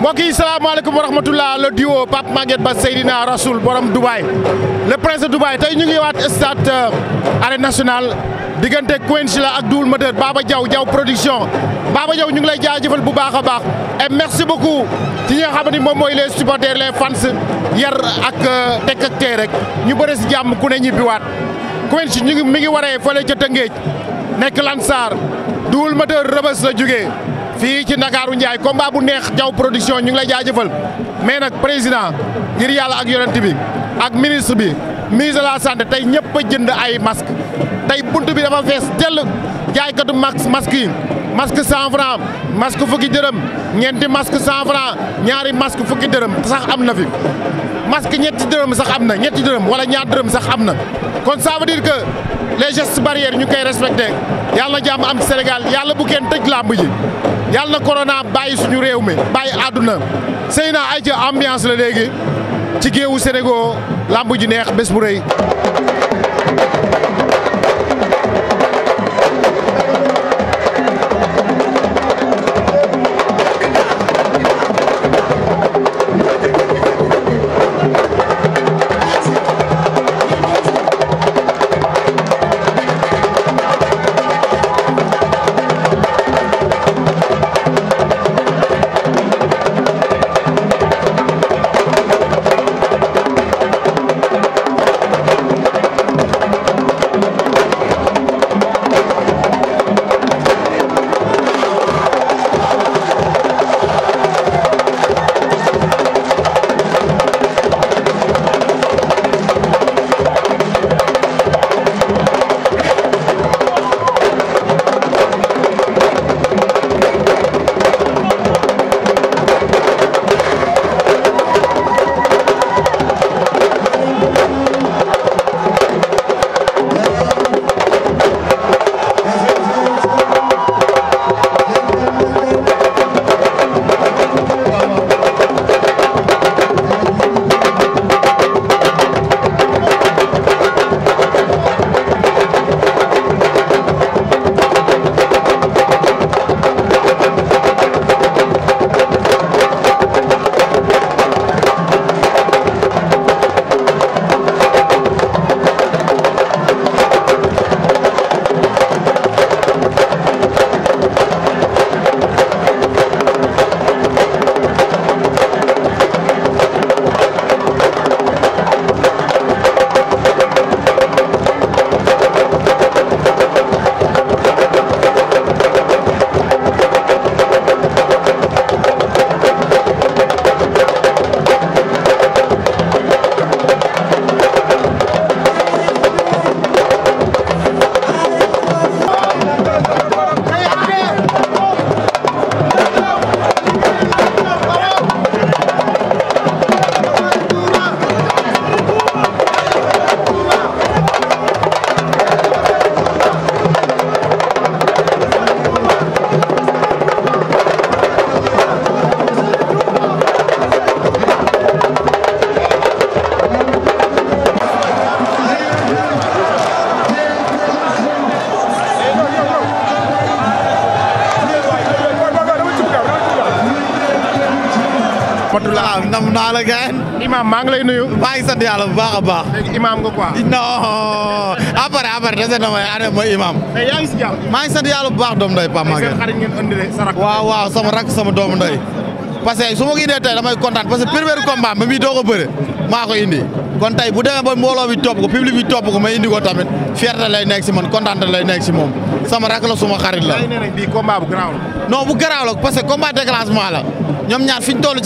mbokk yi salaamaaleykum wa rahmatullah le duo Pape Maguette Ba Seydina Rasoul borom Dubaay le prince de Dubaay tey ñu ngi waat stade euh, arène nationale diggante Quench la ak Double Moteur Baba jaw jaw production Baba Diaw ñu ngi lay jëfal bu baax a baax et merci beaucoup ci ñi nga xam moom mooy les supporters les fans yar ak euh, tekk ak rek ñu bëre si jàmm ku ne ñibbiwaat Quench ñu ngi mi ngi waree fële ca Tëngéej nekk Lansar Double Moteur Rëbës la jógee. fii ci Ndakaaru Ndiaye combat bu neex Diaw production ñu ngi lay jaajëfal mais nag président ngir yàlla ak yonent bi ak ministre bi ministre de la tey ñëpp a jënd ay masque tey bunt bi dafa fees jël jaaykatu max masque yi masque cent franc masque fukki dërëm ñeenti masque cent franc ñaari masque fukki dërëm sax am na fi masque ñetti dërëm sax am na ñetti dërëm wala ñaar dërëm sax am na kon ça veut dire que les gestes barrières ñu koy respecté yàlla jàmm am ci Sénégal yàlla bu kenn làmb ji yàlla na corona bàyyi suñu réew mi bàyyi àdduna sëy na ay ca ambiance la léegi ci géewu Sénégal làmb ji neex bés bu rëy maa ngi lay nuyu. maa ngi sant yàlla bu baax a baax. léegi imaam nga quoi. non après après mooy imaam. maa ngi sant yàlla bu baax doomu ndey Pape Maguette. seen xarit ngeen ëndi sa rak. waaw waaw sama rak sama doomu ndey. parce que su indee tey damay kontaan parce que premier combat ba muy doog a bëre maa ko indi kon tey bu demee ba mbooloo bi topp ko public bi topp ko ma indi ko tamit fierté lay nekk si man kontaan lay nekk si moom sama rak la suma xarit la. bii combat bu garaaw la. non bu garaaw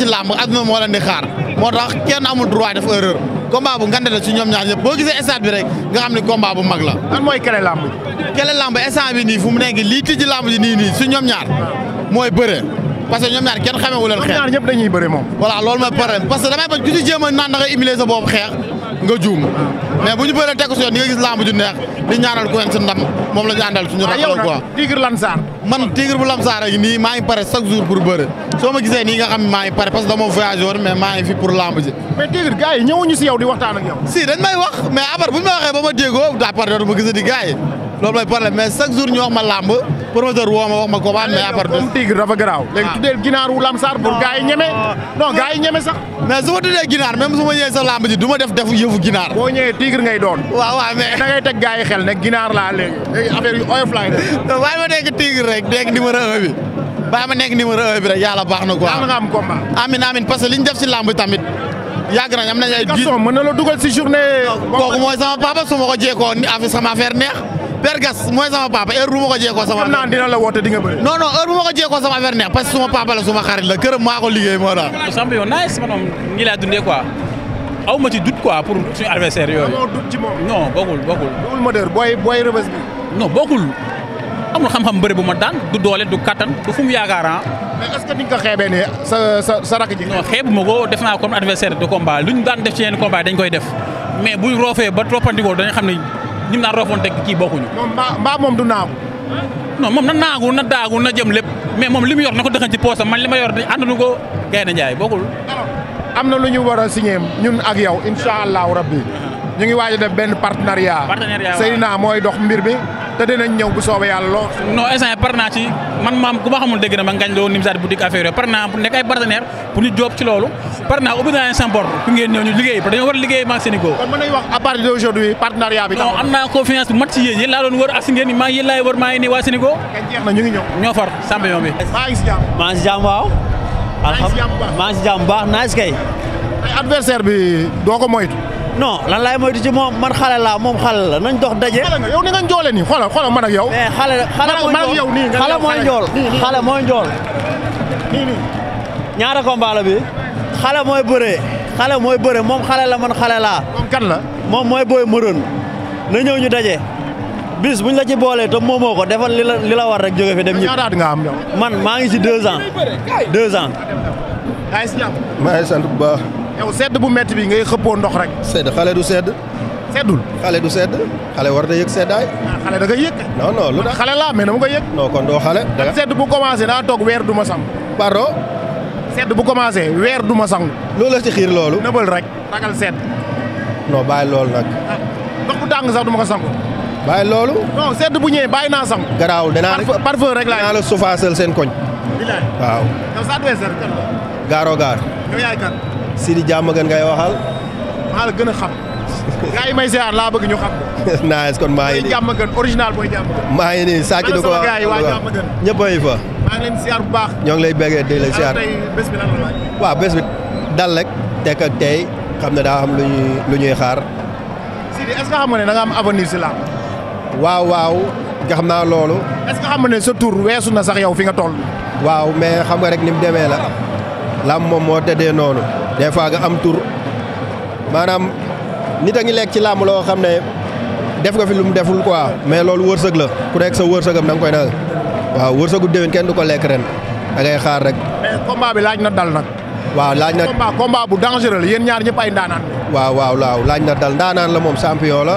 la la moo tax kenn amul droit def erreur combat bu ngande la ci ñoom ñaar ñëpp boo gisee stade bi rek nga xam ni combat mag la. lan mooy kele lamb kele lamb instant nii fu mu nekk lii tijji lamb ji nii nii su ñoom ñaar mooy bëre parce que ñaar kenn xamewu leen xeex. ñoom ñaar ñëpp dañuy bëre moom. voilà loolu damay bañ ku ci jéem a naan da nga humilier sa boobu xeex nga juum mais bu ñu bëree teg ko gis lamb neex di ñaanal ku wen sa moom la ñu àndal suñu. Ah, waaw soo ma gisee nii nga xam ne pare parce que dama woon mais maa fi pour lamb ji. dañ may wax mais abar bu ma waxee ba ma déggoo daa pare dootuma gisati gars yi loolu mooy problème mais chaque jour ñu wax ma lamb promoteur woo ma wax ma combat mais abar. comme Tigre dafa garaaw. waaw léegi ah. tuddee ginaar wu lamsaar pour gars yi ñeme. Ah. non gars ñeme sax. mais su ma tuddee ginaar même su ma ñëwee sa lamb ji du ma def def yëfu ginaar. boo ñëwee Tigre ngay doon. waaw waaw mais da ngay bàyyi ma nekk numéro 1 bi rek yàlla baax na quoi. yàlla nga am combat. def si làmb tamit yàgg nañ am nañ ay. Gaston mën na la dugal si journée. kooku mooy sama papa su ma ko jékkoon ni sama affaire neex. mooy sama papa heure ko jékkoon sama. affaire neex dina la woote di nga sama affaire neex suma papa la suma xarit la këram maa ko liggéey moo daal. champion nice man aw ma ci doute quoi pour suñu adversaire yooyu. amoo doute ci moom. non bokkul bokkul. bokkul moteur booy booy rëbës bi. non amul xam-xam bëri bu ma daan du doole du kattan du fu mu ah. ko xeebee ne sa sa sa rakk ji. non xeebu ma ko def naa comme adversaire de combat luñ daan def ci yenn combat dañ koy def mais buy roofee ba toppandikoo dañu xam ne ñim naa roofoon teg kii bokkuñu. mbaa moom du naagu. non moom na naagu na daagu na jëm lépp mais moom li mu yor na ko dëxañ ci poosam man li ma yor di àndanu ko Gaynde bokkul. am na lu ñu war a signé ñun ak yow incha allahu rabbi uh-huh. ñu ngi waaj a def benn partenariat. partenariat Seydina mooy dox mbir bi te dinañ ñëw bu soobee yàlla loo. non man maam ku ma xamul dégg na ma ngañ loo nim saat boutique affaire par naa nekk ay partenaire pour ñu jóob ci loolu par naa ubbi naa leen seen bor ku ngeen war a liggéey maag am naa confiance bu mat si yéen yéen laa doon wër ak si ngeen maa yéen laay wër maa ngi nii waa Sénégal. jeex na ñu ngi ñëw ñoo far maa ngi si jàmm maa ngi maa ngi si jàmm maa ngi ko moytu non lan laay moytu ci moom man xale laa moom xale la nañ dox daje. xale nga yow ni nga njoole nii xoolal xoolal man ak yow. mais xale xale mooy njool xale mooy njool. ñaara combat la bi xale mooy bëree xale mooy bëree moom xale la man xale laa. kan la moom mooy booy mërën na ñëw ñu daje. bis buñ la ci boolee te moomoo ko defal li la li la war rek jóge fi dem. ñaata nga am yow. man maa ngi ci deux ans deux ans. maa ngi sant bu baax. yow sedd bu metti bi ngay xëppoo ndox rek. sedd xale du sedd. seddul xale du sedd xale war na yëg seddaay. ah xale da yëg. non non lu tax xale laa mais dama koy yëg. non kon doo xale. da sedd bu commencé daa toog weer du ma sangu. pardon. sedd bu commencé weer du ma sangu. loola ci xiir loolu. nëbal rek ragal loolu nag. ah ndox bu tàng sax du ma ko sangu. bàyyi loolu. sedd bu ñëwee bàyyi naa sangu. garaawul danaa la parfum la sufaasal seen koñ. waaw. yow gaar. jàmm Diamaguène ngay waxal. maa la gën a xam. gars yi may ziar laa bëgg ñu kon maa ngi nii Diamaguène original booy Diamaguène. maa ngi nii Sakki du ko waaw ñëpp a ngi fa. maa ngi leen ziar bu baax. ñoo ngi lay bëggee di la ah, ziar tey bés bi lan la laaj. dal rek tekk ak xam ne daa xam lu ñuy lu ñuy xaar. xam nga ne da am avenir si làmb. waaw waaw nga xam naa loolu. est xam nga ne sa tur weesu na sax yow fi nga toll. waaw mais xam nga rek ni mu demee la làmb moom moo dee noonu des fois nga am tur maanaam nit a ngi lekk ci làmb loo xam ne def nga fi lu mu deful quoi mais loolu wërsëg la ku nekk sa wërsëg da nga koy na waaw wërsëgu déwén kenn du ko lekk ren da ngay xaar rek. mais bi laaj na dal nag. waaw laaj na combat combat bu dangereux la yéen ñaar ñëpp ay ndaanaan. waaw waaw waaw laaj na dal ndaanaan la moom champion la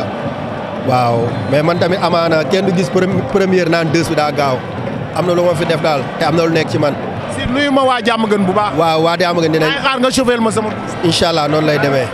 waaw mais man tamit amaana kenn du gis première naan deux bi daa gaaw am na lu ma fi def daal te am na lu nekk ci man. si nuyu ma waa jàmm gën bu baax. waaw waa jàmm gën dinañ. xaar nga chauffeur ma sama. incha allah noonu lay demee.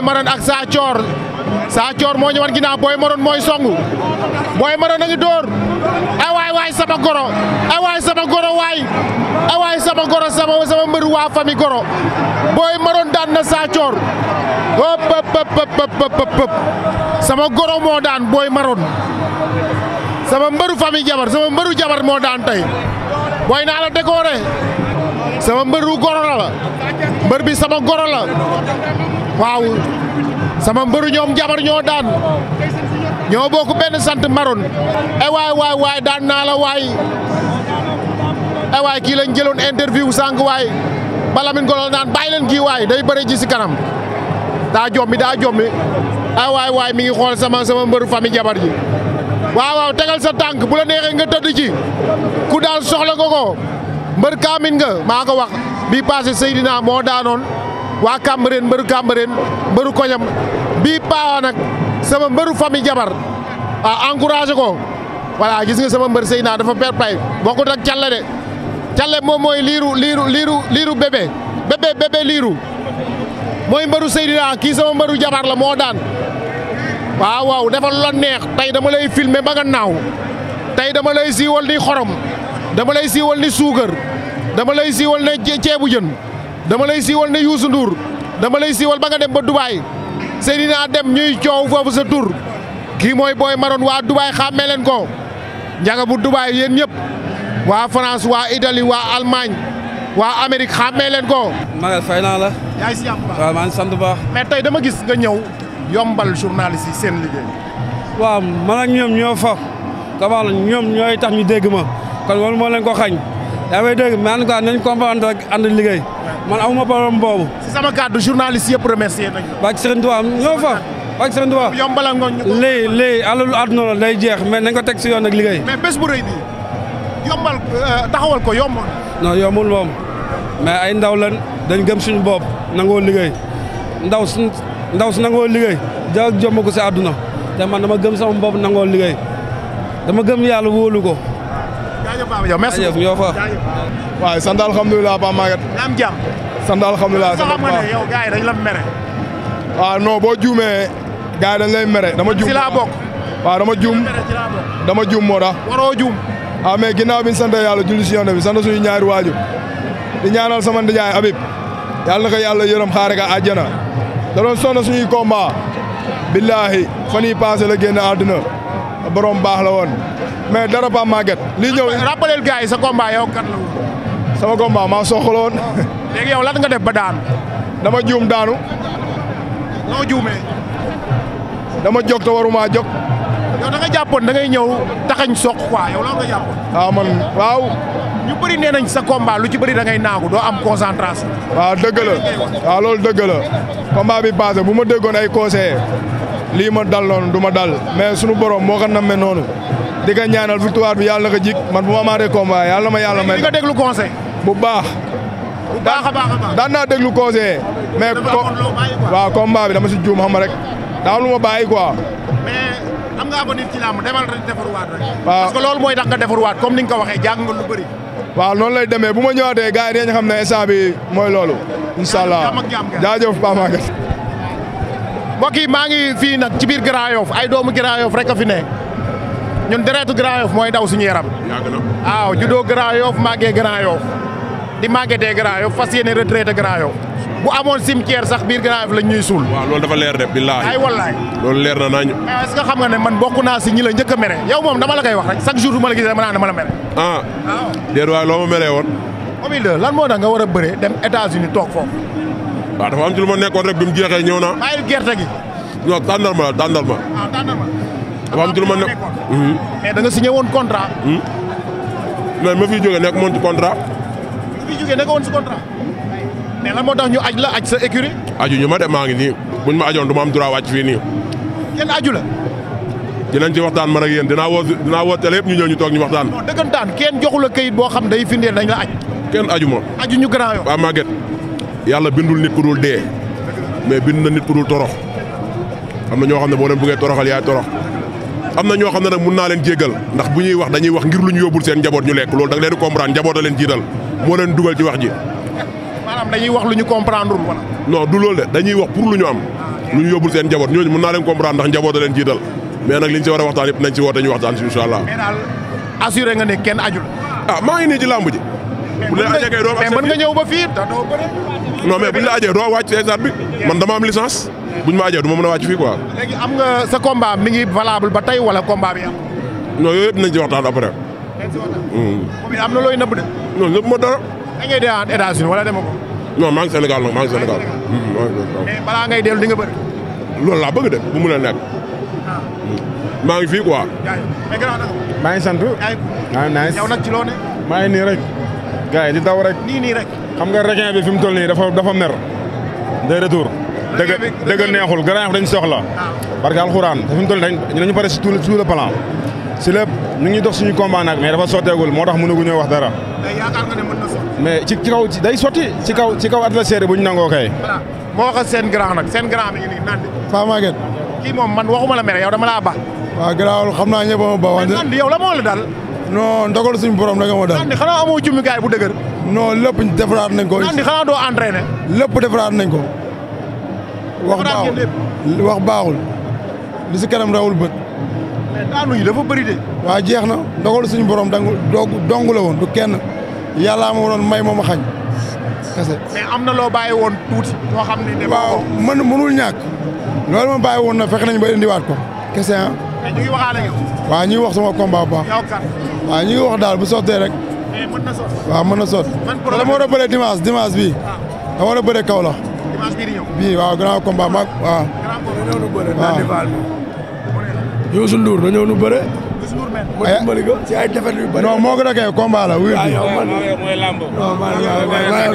Boy Maroon ak Sa Thior Sa Thior moo ñu wan ginnaaw Boy Maroon mooy songu Boy Maroon a ngi dóor ay eh waay waay sama goro ay eh waay sama goro waay ay eh waay sama goro sama sama mbër waa fami goro Boy Maroon daan na Sa Thior hop hop hop hop sama goro moo daan Boy Maroon sama mbëru fami jabar sama mbëru jabar moo daan tey boy naa la décoré sama mbëru goro la mbër bi sama goro la waaw sama mbëru ñoom jabar ñoo daan ñoo bokk benn sant maroon e waay waay waay daan naa la waay e waay kii lañ jëloon interview sànq waay balamin golol naan bàyyi leen kii waay day bëre ji si kanam daa jommi daa jommi ay e waay waay mi ngi xool sama sama mbëru famille jabar ji waaw waaw tegal sa tànk bu la neexee nga tëdd ci ku daal soxla nga ko mbër kaamin nga maa ko wax bii passé Seydina moo daanoon waa Cambérène mbëru Cambérène mbëru koñam bii paa nag sama mbëru fami jabar ah encouragé ko voilà gis nga sama mbër sëy dafa per pay bokkut ak calle de calle moom mooy liiru liiru liiru liiru bébé bébé liiru mooy mbëru Seydina kii sama mbëru jabar la moo daan waaw waaw dafa la neex tey dama lay filme ba nga naaw tey dama lay siiwal ni xorom dama lay siiwal ni suukar dama lay siiwal ne ceebu jën dama lay siiwal ne Youssou Ndour dama lay siiwal ba nga dem ba Dubaay Seydina dem ñuy coow foofu sa tur kii mooy booy maroon waa Dubaay xàmmee leen ko njaga bu Dubaay yéen ñëpp waa France waa Italie waa Allemagne waa Amérique xàmmee leen ko. Maguette fay naa la. yaa ngi baax sant bu baax. mais tey dama gis nga ñëw yombal journaliste yi seen liggéey. waaw man ak ñoom ñoo fa. damaa la ñoom ñooy tax ñu dégg ma kon wala moo leen ko xañ. yaa may dégg mais en tout cas nañ comprendre rek ànd liggéey man amuma problème boobu. si sama kàddu journaliste yëpp remercier nañu. waa ci Serigne Touba ñoo fa waa ci Serigne Touba yombalal nga ñu ko. la day jeex mais nañ ko teg si yoon ak liggéey. mais bés bu rëy bi yombal euh, taxawal ko yombal. non yombul moom mais ay ndaw lan dañ gëm suñu bopp nangoo liggéey ndaw su ndaw su nangoo liggéey jaww jomb ko si àdduna te man ma gëm sama bopp nangoo liggéey gëm yàlla wóolu ko. jaajëf Baba Diaw merci jaajëf ñoo fa. waaw sant la mere. waaw ah, non boo juumee gars yi dañ mere dama juum. si laa bokk waaw dama juum dama juum moo tax. waroo juum. ah mais ginnaaw bi ñu sant yàlla julli si yoon bi sant suñu ñaari waajur di ñaanal sama ndijaay Habib yàlla na ko yàlla yërëm xaare ka àjjana da doon sonn suñuy combat billaahi fan yii la génn àdduna borom baax la woon. mais dara ba màgget li ñëw rappelel yi sa combat yow kat la sama combat maa soxaloon léegi yow lan nga def ba daanu dama juum daanu noo juumee dama jóg te waruma jóg yow da nga jàppoon da ñëw taxañ soq quoi yow loolu nga jàppoon waaw ah, man waaw ñu bëri nee nañ sa combat lu ci bëri da ngay naagu doo am concentration waaw ah, dëgg la waaw ah, loolu dëgg la bu ma déggoon ay conseillers lii ma dal noonu du ma dal mais sunu borom moo xam noonu di ko ñaanal bi yàlla na ko jik man bu ma amaatee combat yàlla na ma yàlla may. di nga déglu conseil. bu baax. bu baax a baax a baax daan naa déglu conseil. mais ko waaw combat bi dama si juum rek daa am ma bàyyi quoi. mais am nga demal rek defaruwaat rek. waaw loolu mooy tax nga defaruwaat comme ni nga ko waxee jàng nga lu bëri. waaw noonu lay demee bu ma ñëwaatee gars yi dañu xam na instant bi mooy loolu. incha allah jaajëf Paa Maguette. mbokk yi maa ngi fii nag ci biir Grand Yoff ay doomu Grand Yoff rek a fi ne. ñun deretu Grand Yoff mooy daw suñu yaram. waaw juddoo Grand Yoff màggee Grand Yoff di màggetee Grand Yoff fas yéene retraité Grand Yoff bu amoon cimetière sax biir Grand Yoff lañ ñuy suul. waaw loolu dafa leer de billaahi. ay wallaay loolu leer na nañu. Ah, est-ce que xam nga ne man bokk naa si ñi la njëkk a mere yow moom dama la koy wax rek chaque jour bu ma la gisee dama naan dama la mere. ah, ah. déet waay loo meree woon. Omidou lan moo tax nga war a bëree dem États-Unis toog foofu. waaw dafa am ci lu ma nekkoon bi mu jeexee ñëw naa. bàyyil gerte gi. non tàndal ma la ah, tàndal dafa am ma nekk. mais da nga woon contrat. mais hmm. ma fiy nekk moon ci contrat. ma fiy jógee nekk moo tax ñu aj la aj sa écurie. aju ñu ma dem maa ngi nii buñ ma ajoon du ma am droit wàcc fii nii. kenn aju la. dinañ ci waxtaan man ak yéen dinaa woo dinaa woo télé yëpp ñu ñëw ñu toog ñu waxtaan. kenn joxu la boo xam day firndeel dañ la aj. kenn aju ma. aju ñu grand yoon. waa yàlla bindul nit ku dul dee mais bind na nit ku dul torox am na ñoo xam ne boo buggee bëggee toroxal yaay torox. am na ñoo xam ne nag mun naa leen jéggal ndax bu ñuy wax dañuy wax ngir lu ñu yóbbul seen njaboot ñu lekk loolu da leen comprendre njaboot a leen jiital moo leen dugal ci wax ji. maanaam dañuy wax lu ñu comprendre wala. non du loolu de dañuy wax pour lu ñu am lu ñu yóbbul seen njaboot ñooñu mun naa leen comprendre ndax njaboot a leen jiital mais nag liñ ci war a waxtaan yëpp nañ ci woote ñu waxtaan ci incha allah. mais nga ne kenn ajul. ah maa ngi nii ci làmb ji bu la laajee kay doo a mën nga ñëw ba fii non mais buñ la laajee doo wàcc bi man dama am licence buñ ma laajee du ma mën a wàcc fii quoi. léegi am nga sa combat mi ngi valable ba tey wala combat bi am. non yooyu yëpp nañ ci waxtaan après. nañ hmm. am na looy nëbb de. non nëbb ma dara. da ngay dee États-Unis wala dema ko. non maa ngi Sénégal nag hmm, maa ngi Sénégal. mais balaa ngay dellu di nga bëri. loolu laa bëgg de bu mun a nekk. Ah. Hmm. maa ngi fii quoi. maa ngi sant. maa ngi nice. yow ci loo ne. maa ngi nii rek. gars yi di daw rek. nii nii rek. xam nga requin bi fi mu toll nii dafa dafa mer. de retour. dëgg dëgg neexul gën a neexul dañ soxla. parce ah. que alxuraan te fi mu nii dañu pare si tout le plan. si lépp ñu ngi dox suñu combat nag mais dafa sotteegul moo tax mënaguñoo wax dara. mais eh, yaakaar nga ne mën na sotti. mais ci kaw day sotti ci kaw ci kaw adversaire bu ñu nangoo kay. moo ko seen grand nag seen grand mi ngi nii naan. Paa Maguette. kii moom man waxuma la mere yow dama laa ba. waaw garaawul xam naa ñëpp a ma non ndogal suñu borom da nga ma dal. xanaa amoo jumtukaay bu dëgër. non lépp defaraat nañ ko. xanaa doo entraîné. lépp defaraat nañ ko. wax baaxul wax baaxul. li si kanam rawul bët. mais yi dafa bëri de. waa jeex na ndogal suñu borom dangu dong la woon du kenn yàllaa ma waroon may moom xañ. kese mais am na loo bàyyi woon tuuti. loo xam ne waaw man mënul ñàkk. loolu ma bàyyi woon na fexe nañ ba indiwaat ko. kese waa ah. mais ñu ngi waxaale ñuy wax sama combat baax. waaw ñu ngi wax daal bu sottee rek. mais eh, mën na sotti. waaw mën na sotti. man problème dama war a bëree dimanche dimanche bii. waaw ah. dama war a bëree Kaolack. dimanche bii mag waaw. grand combat dañoo nu bëre. waaw daal ma dimbali ko ci ay defet yu bëri. non moo ko a combat la wuyu. waaw ah, yow man mooy lamb. non man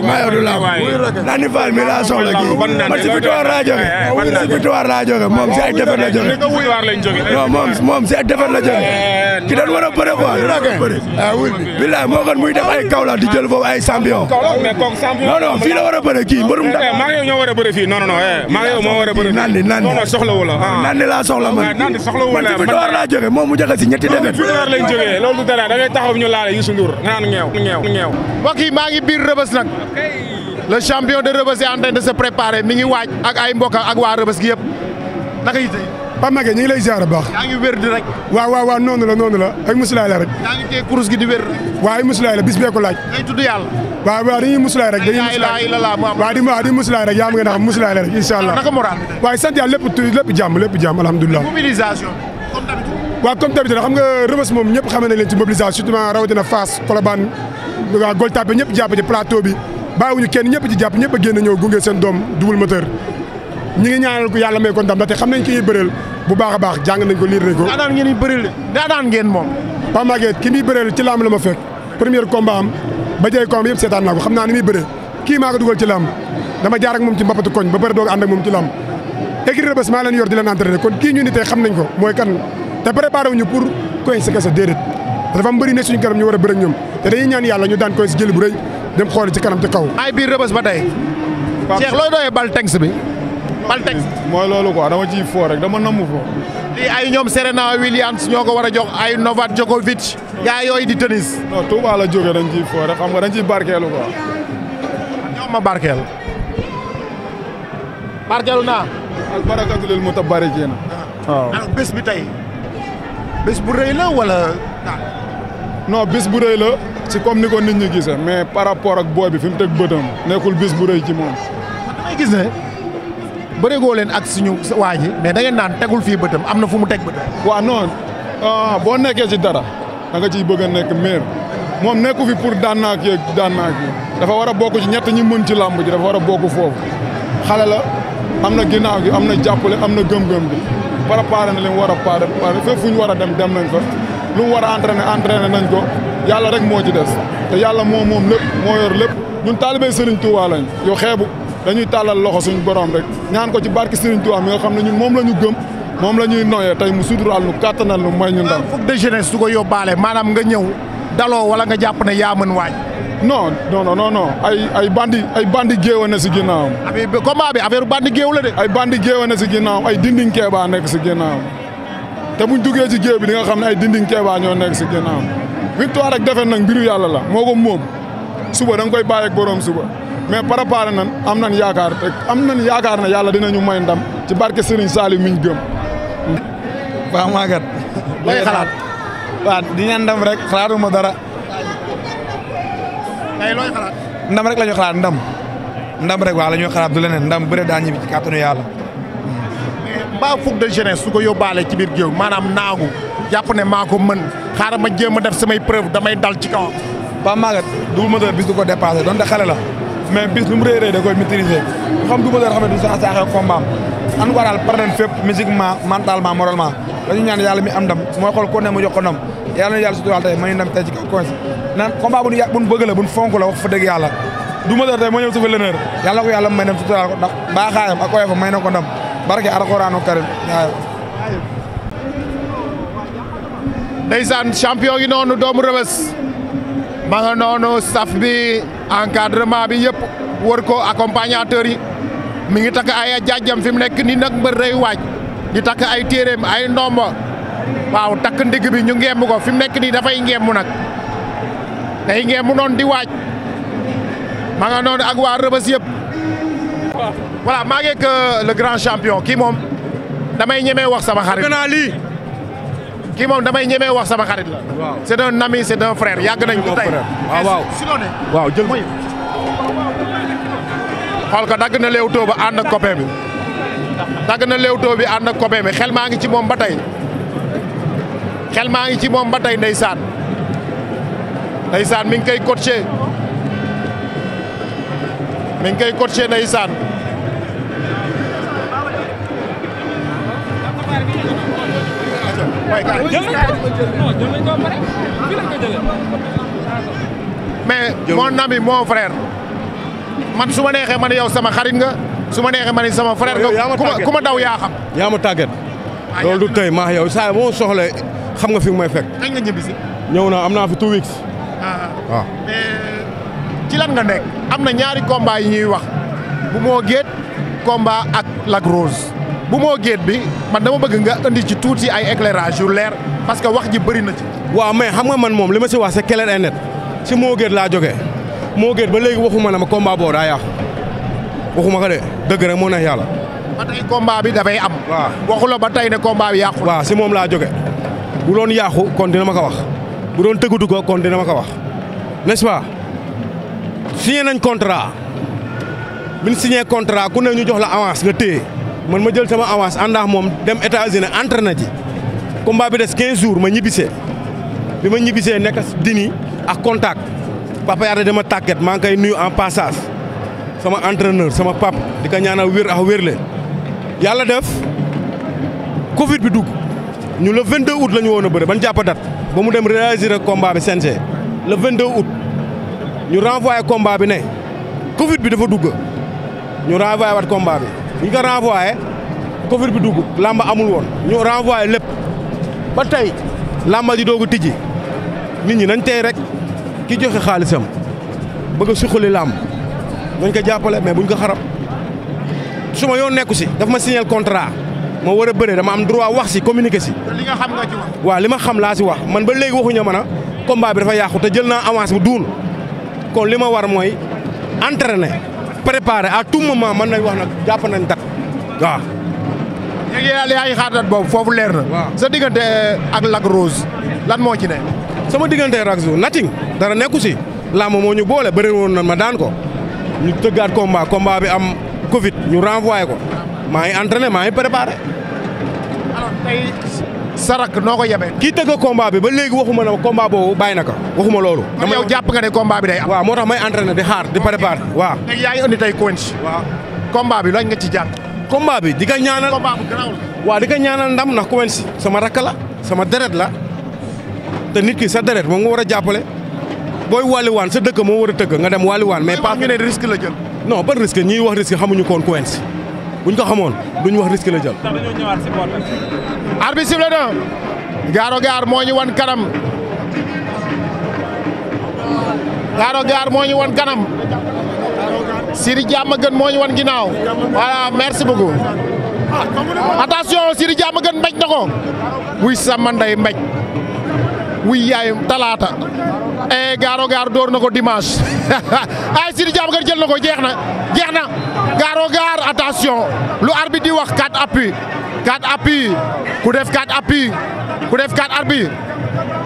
maa yor du lamb. Nandy Fall mi laa ah, soxla kii man si victoire laa jóge. Eh, eh, ma si victoire laa jóge moom si ay defet la jóge. non moom moom si ay defet la war a bëre quoi ah, du ay kaw la di jël foofu ay champion. non non fii la war a bëre kii mbërum eh, da. maa ngi yow ñoo a bëre fii non non maa ngi yow a bëre. Nandy la. Nandy laa soxla man. Nandy soxlawu la man laa jóge moom mu jëge si ñetti defet funéraire lañ jógee loolu du dara da ngay taxaw ñu laale Youssou Ndour nga naan ngeew ngeew ngeew mbokk yi maa ngi biir rëbës nag le champion de rëbës est en train de se préparer mi ngi waaj ak ay mbokk ak waa rëbës gi yëpp naka yi tey Pape Maguette ñu ngi lay ziar baax yaa ngi wér di rek waaw waaw waaw noonu la noonu la ay musulaay la rek yaa ngi tey kurus gi di wér waaw ay musulaay la bis bee ko laaj ngay tudd yàlla waaw waaw dañuy musulaay rek dañuy waaw di waaw di musulaay rek yaa ma nga na xam musulaay la rek incha allah waaye sant yàlla lépp lépp jàmm lépp jàmm alhamdulilah mobilisation waaw comme d'habitude xam nga Rebeuss moom ñëpp xam nañ leen ci mobilisation surtout rawatina Fass Colobane waa Gueule Tapée ñëpp jàpp ci plateau bi bàyyiwuñu kenn ñëpp ci jàpp ñëpp a génn ñëw seen doom Double Moteur ñi ngi ñaanal ko yàlla may ko ndam ndaxte xam nañ ki ñuy bëreel bu baax a baax jàng ko liir nañ ko daa daan ngeen ñu bëreel moom Pa Maguette ki ci laam la ma premier combat am ba jey combat yëpp seetaan naa ko xam naa ni muy bëree kii maa ko dugal ci laam dama jaar ni tey xam nañ ko mooy kan te préparé wuñu pour Quench kese déedéet dafa am bëri ne suñu kanam ñu war a bëri ñoom te dañuy ñaan yàlla ñu daan Quench si jël bu rëy dem xool ci kanam ci kaw. ay biir rëbës ba tey. Cheikh looy doyee bal tegs bi. bal tegs mooy loolu quoi dama ciy foo dama namm foo. lii ay ñoom Serena Williams ñoo ko war a jox ay Novak Djokovic. gaa yooyu di tennis. non Touba la jógee dañ ciy foo rek xam nga dañ ciy barkeelu quoi. ñoom ma barkeel. barkeelu naa. albarakatu lil mutabarikina ah. waaw bés bi tey. bés bu rëy la wala. non bis bu rëy la si comme ni ko nit ñi gisee mais par rapport ak booy bi fi mu teg bëtam nekkul bis bu rëy ci moom. damay gis ne leen ak suñu waa ji mais da ngeen naan tegul fii bëtam am na fu mu teg waa waaw non ah, boo nekkee si dara da nga ciy bëgg a nekk meer moom nekku fi pour daan naak yeeg daan naak yi dafa war a bokk ci ñett ñi mën ci làmb ji dafa war a bokk foofu xale la am na ginaaw gi am na jàppale am na gëm-gëm bi. préparé na li mu war a préparé fu ñu war a dem dem nañ ko lu mu war a entraîné entraîné nañ ko yàlla rek moo ci des te yàlla moo moom lépp moo yor lépp ñun taalibey Serigne Touba lañ yow xeebu dañuy tàllal loxo suñu borom rek ñaan ko ci barki Serigne Touba mi nga xam ne ñun moom la ñu gëm moom la ñuy noyee tey mu suturaal nu kàttanal nu may ñu ndam. fukk de jeunesse su ko yóbbaale maanaam nga ñëw daloo wala nga jàpp ne yaa mën waaj. non non non non ay ay bandi ay bandi géew na si ginnaawam. affaire combat bi affaire bandi géew la de. ay bandi géew na si ginnaawam ay dinding keebaa nekk si ginnaawam te buñ duggee si géew bi di nga xam ne ay dinding keebaa ñoo nekk si ginnaawam victoire ak defet nag mbiru yàlla la moo ko moom suba da nga koy bàyyi ak boroom suba mais préparé nan am nan yaakaar am nan yaakaar ne yàlla dinañu may ndam ci barke Serigne Saliou miñ gëm. waaw Maguette. looy xalaat waaw di ñaan tey looy xalaat. ndam rek la ñuy xalaat ndam. ndam rek waaw la ñuy xalaat du leneen ndam bëre daa ñibbi ci kàttanu yàlla. mais mbaa fukk de jeunesse su ko yóbbaale ci biir géew maanaam naagu jàpp ne maa ko mën xaaral ma jéem a def samay preuve damay dal ci kawam. Pape Maguette Double Moteur bis du ko dépassé donte xale la mais bis lu mu rëy rëy da koy maîtriser ku xam Double Moteur xam ne du saa saaxee combat am an ko daal pare nañ fépp physiquement mentalement moralement dañu ñaan yàlla mi am ndam mooy xool ko ne mu jox ko ndam yàlla na yàlla suturaal tey may ndam tey ci kaw coince naan combat bu ñu yà bu ñu bëgg bu ñu fonk la wax dëgg yàlla du ma dër tey ma ñëw na ko yàlla may ndam suturaal ko ndax baaxaayam ak oyofa may na ko ndam barke alxuraanu karim aa ndeysaan champion yi noonu doomu rëbës ma noonu staff bi encadrement bi yëpp wër ko accompagnateur yi mi ngi takk ay jaajam fi mu nekk ni nag mbër rey waaj di takk ay téeréem ay ndomba waaw takk ndigg bi ñu ngemb ko fi mu nekk nii dafay mu nag day ngemb noonu di waaj ma nga noonu ak waa rëbës yëpp. voilà maa ngi euh, le grand kii moom damay ñemee wax sama xarit. kii moom damay ñemee wax sama xarit la. waaw c'est un ami yàgg nañ ko tey. waaw waaw waaw jël ko. dagg na léewtoo ba ànd ak dagg na léewtoo bi ànd ak xel maa ngi ci moom ba tey. xel maa ngi ci moom ba tey ndeysaan ndeysaan mi ngi koy coaché mi ngi koy coaché ndeysaan mais mon ami mon frère man suma ma neexee man yow sama xarit nga su ma neexee man sama frère nga ku ma daw yaa xam yaa ma tàggat ah, loolu du tey maa yow saa boo soxla xam nga fi mu may fekk. kañ nga ñibbi si. ñëw naa am naa fi two weeks. Ah, ah. waaw ci lan nga nekk. am na ñaari combat yi ñuy wax bu moo géet combat ak Lac bu moo géet bi man dama bëgg nga indi ci tuuti ay éclairage yu leer parce que wax ji bëri na ci. waaw mais xam nga man moom li ma si wax c'est clair si moo géet laa joge moo géet ba léegi waxuma na ma combat boo daa yàq waxuma ko de dëgg rek moo neex yàlla. ba tey combat bi dafay am. waaw waxu ba tey ne combat bi yàqu. waaw si moom laa jóge bu doon yaaxu kon dina ma ko wax bu doon tëggatu ko kon dina ma ko wax n'est-ce pas signé nañ contrat bi ñu contrat ku ne ñu jox la avance nga téye man ma jël sama avance àndaax moom dem États-Unis entraîné ji combat bi des 15 jours ma ñibbisee bi ma ñibbisee nekk dini ak contact papa yaa dama tàggat maa ngi koy nuyu en passage sama entraîneur sama pap di ko ñaanal wér ak wér leen yàlla def Covid bi dugg. ñu le 22 août la ñu woon a bëre ban jàpp date ba mu dem réaliser ak combat bi CNG le 22 août ñu renvoyé combat bi ne Covid bi dafa dugg ñu renvoyé waat combat bi bu ñu ko renvoyé Covid bi dugg làmb amul woon ñu renvoyé lépp ba tey làmba ji doog a tijji nit ñi nañ tey rek ki joxe xaalisam bëgg a suqali làmb dañ ko jàppale mais buñ ko xarab su yoon nekku si daf ma signé contrat. ma war a bëre dama am droit wax si communiquer si. li nga xam nga ci waaw li ma xam laa si wax man ba léegi waxuñu ma na combat bi dafa yàqu te jël naa avance bu duun kon li ma war mooy entraîner préparer à tout moment man nañ wax nag jàpp nañ dat waaw. léegi daal yaa xaar dat boobu foofu leer na. sa diggante ak Lac Rose lan moo ci ne. sama diggante ak Lac dara nekku si làmb moo ñu boole bëri woon na ma daan ko ñu tëggaat combat combat bi am Covid ñu renvoyé ko. maa ngi entraîné maa ngi préparé. alors tey sarak noo ko yebee. kii tëgg combat bi ba léegi waxuma na combat boobu bàyyi na ko waxuma loolu. dama yow jàpp nga ne combat bi day am. moo tax may entraîné di xaar di préparé waaw. léegi yaa ngi andi tey coach. waaw combat bi lañ nga ci jàng. combat bi di ko ñaanal combat bu waa la. di ko ñaanal ndam ndax coach sama rakk la sama deret la te nit ki sa deret moom nga war a jàppale. waan wàlliwaan sa dëkk moo war a tëgg nga dem wàlliwaan mais. pas ñu ne risque la jël. non ban risque ñiy wax risque xamuñu bu ñu ko xamoon duñ wax risque la jël. ndax dañoo ñëwaat si boor bi. arbitre sifflé na Garo Gare moo ñu wan kanam. Garo Gare moo ñu wan kanam. Siri Diamaguène moo ñu wan ginnaaw. voilà merci beaucoup. attention Siri Diamaguène mbéj na ko. wuy sa man day wuy yaayam talaata e gaaro gaar door na ko dimanche ay Sidi Diabagar jël na ko jeex na jeex na gaaro gaar attention lu arbitre di wax quatre appui quatre appui ku def quatre appui ku def quatre appui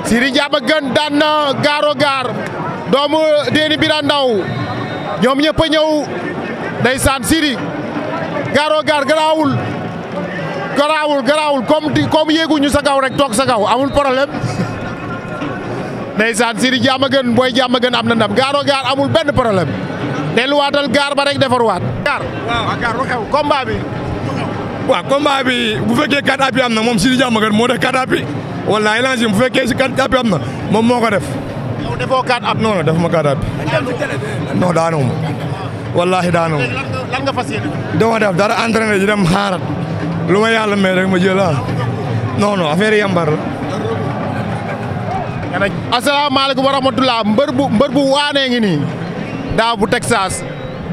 Sidi Diabagar daan na gaaro gaar doomu Déni Birane Ndao ñoom ñëpp a ñëw ndeysaan Sidi gaaro gaar garaawul garaawul garaawul comme comme yéeguñu sa kaw rek toog sa kaw amul problème ndeysaan Siri Diamaguène booy Diamaguène am na ndam gaaro gaar amul benn problème delluwaatal gaar ba rek defarwaat. gaar waaw gaar lu xew combat bi. waaw bu fekkee quatre appuis am na moom Siri Diamaguène moo def quatre appuis wallaahi lancé bu fekkee si quatre appuis am na moom moo ko def. yow defoo quatre appuis. non non defuma quatre appuis. non daanu ma. wallaahi daanu ma. def dara entraîné dem xaarat lu ma yàlla may rek ma jël ah non yambar asalaamaaleykum wa rahmatulah mbër bu mbër bu waanee ngi nii daa bu Texas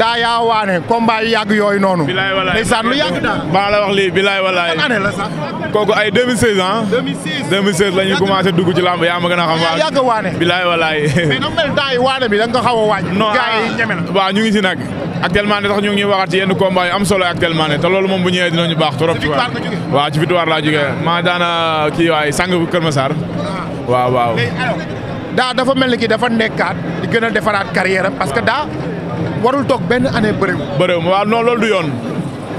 daa yaa waane combat yu yàgg yooyu noonu. bilaay walaay ndeysaan lu yàgg daal. maa la wax lii bilaay walaay. la sax. kooku ay 2016 ah. 2016 2016 la ñuy commencé dugg ci làmb yaa ma gën a xam. yaa yàgg waane bilaay walaay. mais nag mel waane bi da nga a wàññi. Ah, ngi si nag. actuellement ne sax ñu ci yenn am solo actuellement ne te loolu moom bu ñëwee dinañu baax trop. ci victoire la jógee waaw ci victoire laa jógee maa daana kii sang bu Kër Massar waaw waaw daa dafa mel ni kii dafa nekkaat di gën a defaraat carrière am parce que daa warul toog benn année bëriw. bëriw waaw non loolu du yoon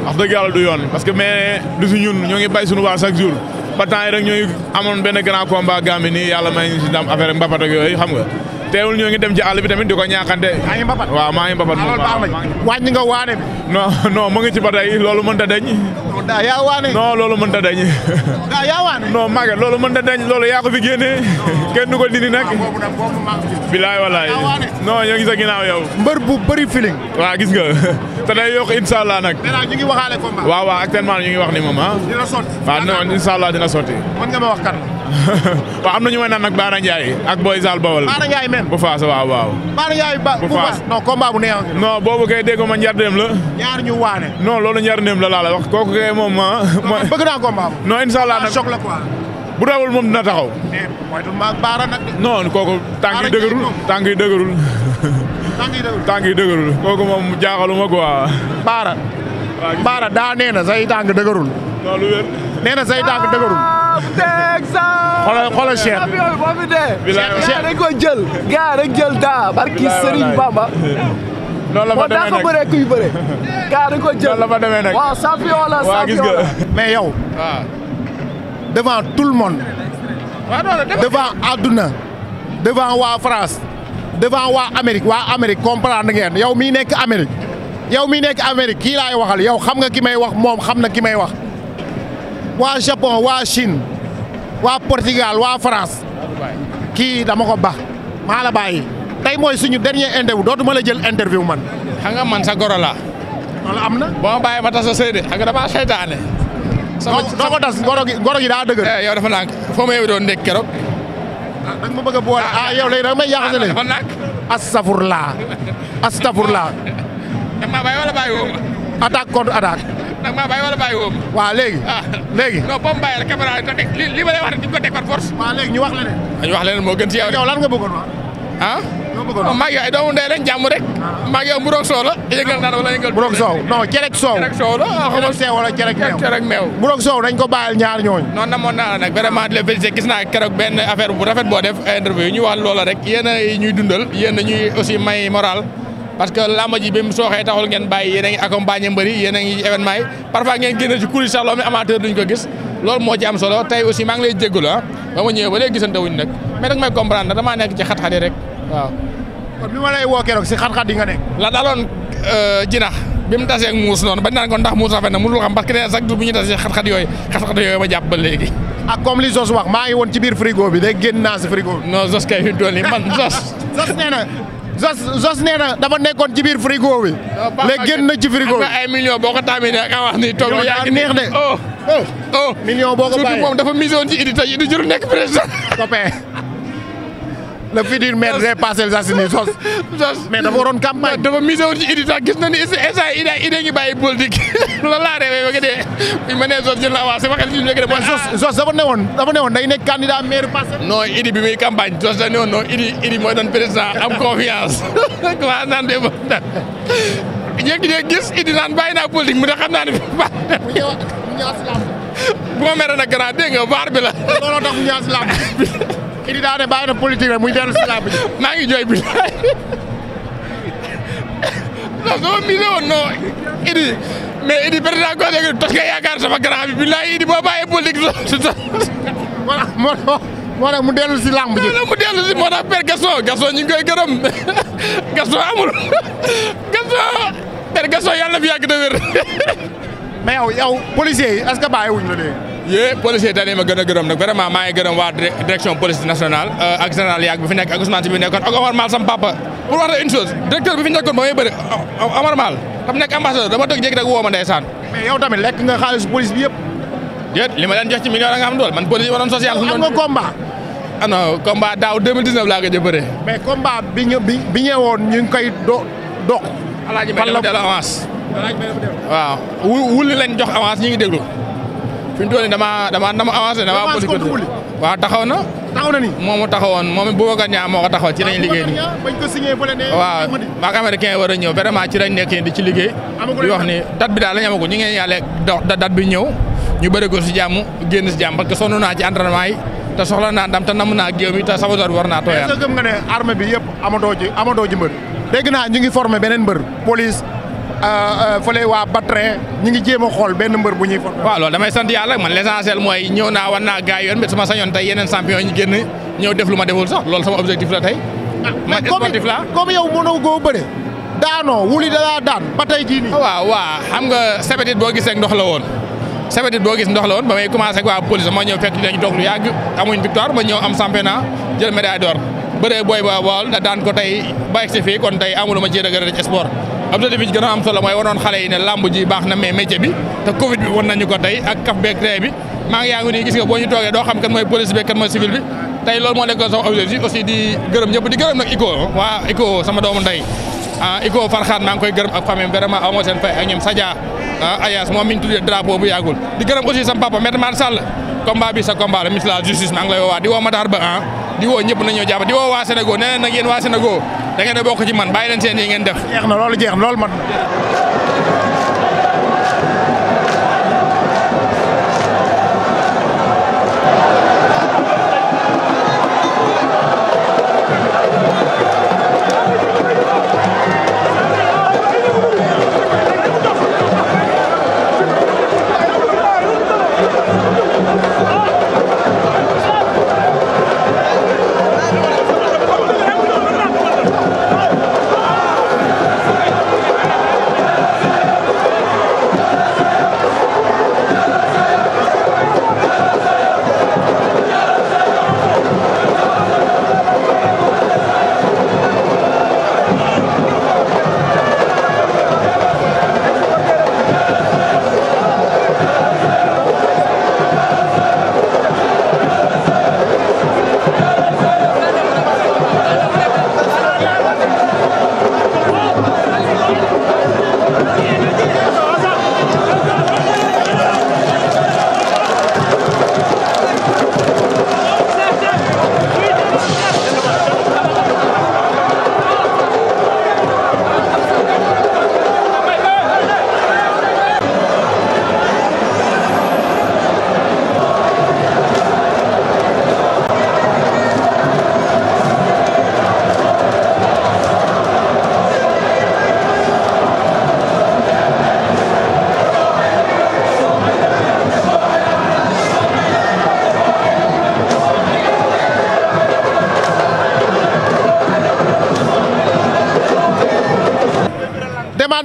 wax dëgg yàlla du yoon parce que mais du si ñun ñoo ngi bay suñu waa chaque jour ba temps yi rek ñooy amoon benn grand combat gaa mi nii yàlla may ñu si ndam affaire mbapat ak yooyu xam nga. teewul ñoo ngi dem ci àll bi tamit di ko ñaaxante. maa ngi mbapat waaw maa ngi mbapat moom waaw wàññi nga waane bi. non non mu ngi ci ba tey loolu mënut a dañ. daa yaa waane. non loolu mënut a dañ. daa yaa waane. non mage loolu mënut a dañ loolu yaa ko fi génnee kenn du ko dindi nag. bilaay walaay. non ngi sa ginnaaw yow. mbër bu bëri feeling. waa gis nga te day yokk incha allah nag. nee naa ñu ngi waxaale combat. waaw wax ni moom ah. dina sotti. waaw non incha allah dina sotti. ma wax kan waaw am na ñu may naan nag Baara Ndiaye ak Boy Zal Bawol. Baara Ndiaye même bu faas waaw waaw. Baara Ndiaye ba bu faas non combat bu neex. non boobu kay dégg ma njardeem la. ñaar loolu njardeem la la wax kooku kay moom ah, ma. bëgg naa combat bu. non incha allah taxaw. Eh, mais kooku tànk yi dëgërul tànk yi dëgërul. tànk yi dëgërul tànk yi dëgërul kooku moom jaaxaluma quoi. Baara. Baara daa nee say tànk dëgërul. nee na say tànk dëgërul. xoolal xoolal Cheikh. Cheikh dañ koy jël. gaa rek jël daa barki Serigne Bamba. noonu moo tax bëree kuy bëree. gaa dañ koy jël noonu la fa demee nag. waaw champion mais yow. devant tout le monde. devant àdduna. devant waa France. devant waa Amérique waa Amérique comprendre ngeen yow mii nekk Amérique. yow mii nekk Amérique kii laay waxal yow xam nga ki may wax moom xam na ki may wax. waa Japon waa Chine waa Portugal waa France kii dama ko ba maa la bàyyi tey mooy suñu dernier interview dootuma la jël interview man. xam nga man goro laa. loolu am na. boo ma bàyyi ma tas sa sëy de xam nga damaa seytaane. sama doo tas goro gi goro gi daa dëgër. Eh, yow dafa nànk foo ma doon nekk keroog. ah da nga ma bëgg a boole ah yow léegi da nga may nag maa bàyyi wala bàyyi woo ma. waaw léegi. ah ko teg par force. waaw léegi ñu wax la ah, moo gën ci yow. yow lan nga bëggoon wax. ah. loo bëggoon wax maa ngi yow ay doomu ndey lañ jàmm rek. Ah. maa ngi yow mburoog soow la. yëngal naan wala yëngal. mburoog soow non cerek soow. cerek soow la ah xam nga cerek wala cerek meew. cerek meew. mburoog soow ko bàyyil ñaar ñooñu. non namoon naa la nag vraiment di la félicité gis naa keroog benn affaire bu rafet boo def interview ñu wax loola rek yéen a ñuy dundal yéen a ñuy aussi may parce que làmb ji bi sooxee taxul ngeen bàyyi yéen a ngi accompagner mbëri yéen a ngeen génne ci kuréel sax loo mi ko gis loolu moo ci am solo tey aussi maa ngi lay jégalu ah. ba ma ñëwee ba léegi gisante wuñ nekk ci nga nekk. la daloon euh, jinax bi mu tasee ak muus noonu bañ naan ko ndax na musul xam parce xat-xat yooyu xat-xat yooyu ma jàpp ba léegi. ak comme wax maa ngi woon ci biir frigo bi léegi génn frigo bi. non kay fi man Zos. Zos nee Zos Zos nee na dafa nekkoon ci biir frigo bi. léegi génn na ci frigo bi ay millions boo ko taamee ne nga wax ni toog na yaa ngi neex de. oh oh, oh. million boo ko bàyyee surtout moom dafa misoon ci Idi tey Idi jur nekk président. copain. le futur maire des Parcelles Assainies sos. sos mais dafa waroon campagne. dafa misé woon ci Idrissa gis na ni instant Idda Idda ngi bàyyi politique loolu laa réewee ba nga ma nee sos jël naa waaw sama xel ci ñu nekk de. mooy bi muy campagne sos da newoon doon président am confiance waaw naan de ba jékki-jékki gis Iddi naan bàyyi naa politique mu de xam naa ne bu ma mere nag grand dégg nga vaar bi la. looloo Idy daa ne bàyyi na politique rek muy dellu si làmb ji maa ngi jooy bi non sama misé woon non Idy mais Idy président conseil tos nga yaakaar sama grand bi billaay Idy boo bàyyee politique so voilà moo moo tax mu dellu si làmb ji mu dellu si moo tax per Gaston Gaston ñu ngi koy gërëm Gaston amul Gaston per Gaston yàlla na fi yàgg de wér mais yow yow policiers yi est-ce que bàyyiwuñ la léegi yée policier tey ma gën a gërëm nag maa ngi gërëm waa direction police nationale euh, ak général yaag bi fi nekk ak Ousmane si bi nekkoon ak Omar la une chose directeur bi fi nekkoon ba may bëri Omar Mal tam nekk ambassadeur dama toog jékki rek woo ma ndeysaan mais yow tamit lekk nga xaalisu police bi yëpp déet li ma leen jox ci million da dool man police yi ma doon social am nga combat ah non combat laa ko jëbëree mais bi ñu bi ñëwoon ñu ngi koy do doq alaaji may def avance waaw wulli lañ jox avance ñu ngi déglu fi mu toll nii damaa damaa dama avancé damaa. avancé Wuli waaw taxaw na. taxaw na ni moom moo taxawoon moom Boubacar Niang moo ko taxaw ci lañ liggéey nii. bañ ko signé fële waaw maak américain yi war a ñëw vraiment ci lañ nekk di ci liggéey. di ni date bi daal la ñu amagul ñu ngi yàlla dox date bi ñëw ñu bëri ko si jàmm génn si jàmm parce que sonn naa ci entraînement yi te soxla naa ndam te namm naa géew bi te saboteur bi war naa tooyal. est-ce que bi yëpp amatoo ci amatoo ci mbër. dégg naa ñu ngi formé beneen mbër police Euh, fële waa Batrin ñi ngi jéem a xool benn mbër bu ñuy formé. waaw loolu damay sant yàlla man l' essentiel mooy ñëw naa war naa gars yoon bi sama sañoon tey yeneen champion ñu génn ñëw def lu ma deful sax loolu sama objectif la tey. Ah, man sportif la comme yow mënoo koo bëre. daanoo wuli da laa ba tey jii nii. waaw waaw xam nga sabatit boo gisee ndox la woon sabatit boo gis ndox la woon ba may commencé ak waa police ma ñëw fekk dañu toog lu yàgg amuñ victoire ma ñëw am championnat jël médaille d'or bëree booy ba bool da daan ko tey ba egsi fii kon tey amuluma ci rëgg-rëgg sport objectif bi ci gën am solo mooy wanoon xale yi ne làmb ji baax na mais métier bi te Covid bi wan nañu ko tey ak kaf beeg ree bi maa ngi yaa ngi nii gis nga boo toogee doo xam kan mooy police bi kan mooy civil bi tey loolu moo nekkoon sama objectif di gërëm ñëpp di waa ICO sama doomu ndey ah ICO Farxaan maa koy gërëm ak famille vraiment aw fay ak ñoom Sadia ah Ayas moom drapeau bu yàggul di gërëm aussi sama papa Maître maa ngi lay woowaat di woo Matar ah. da ngeen a bokk ci man bàyyi leen seen ngeen def. jeex na loolu jeex na loolu man.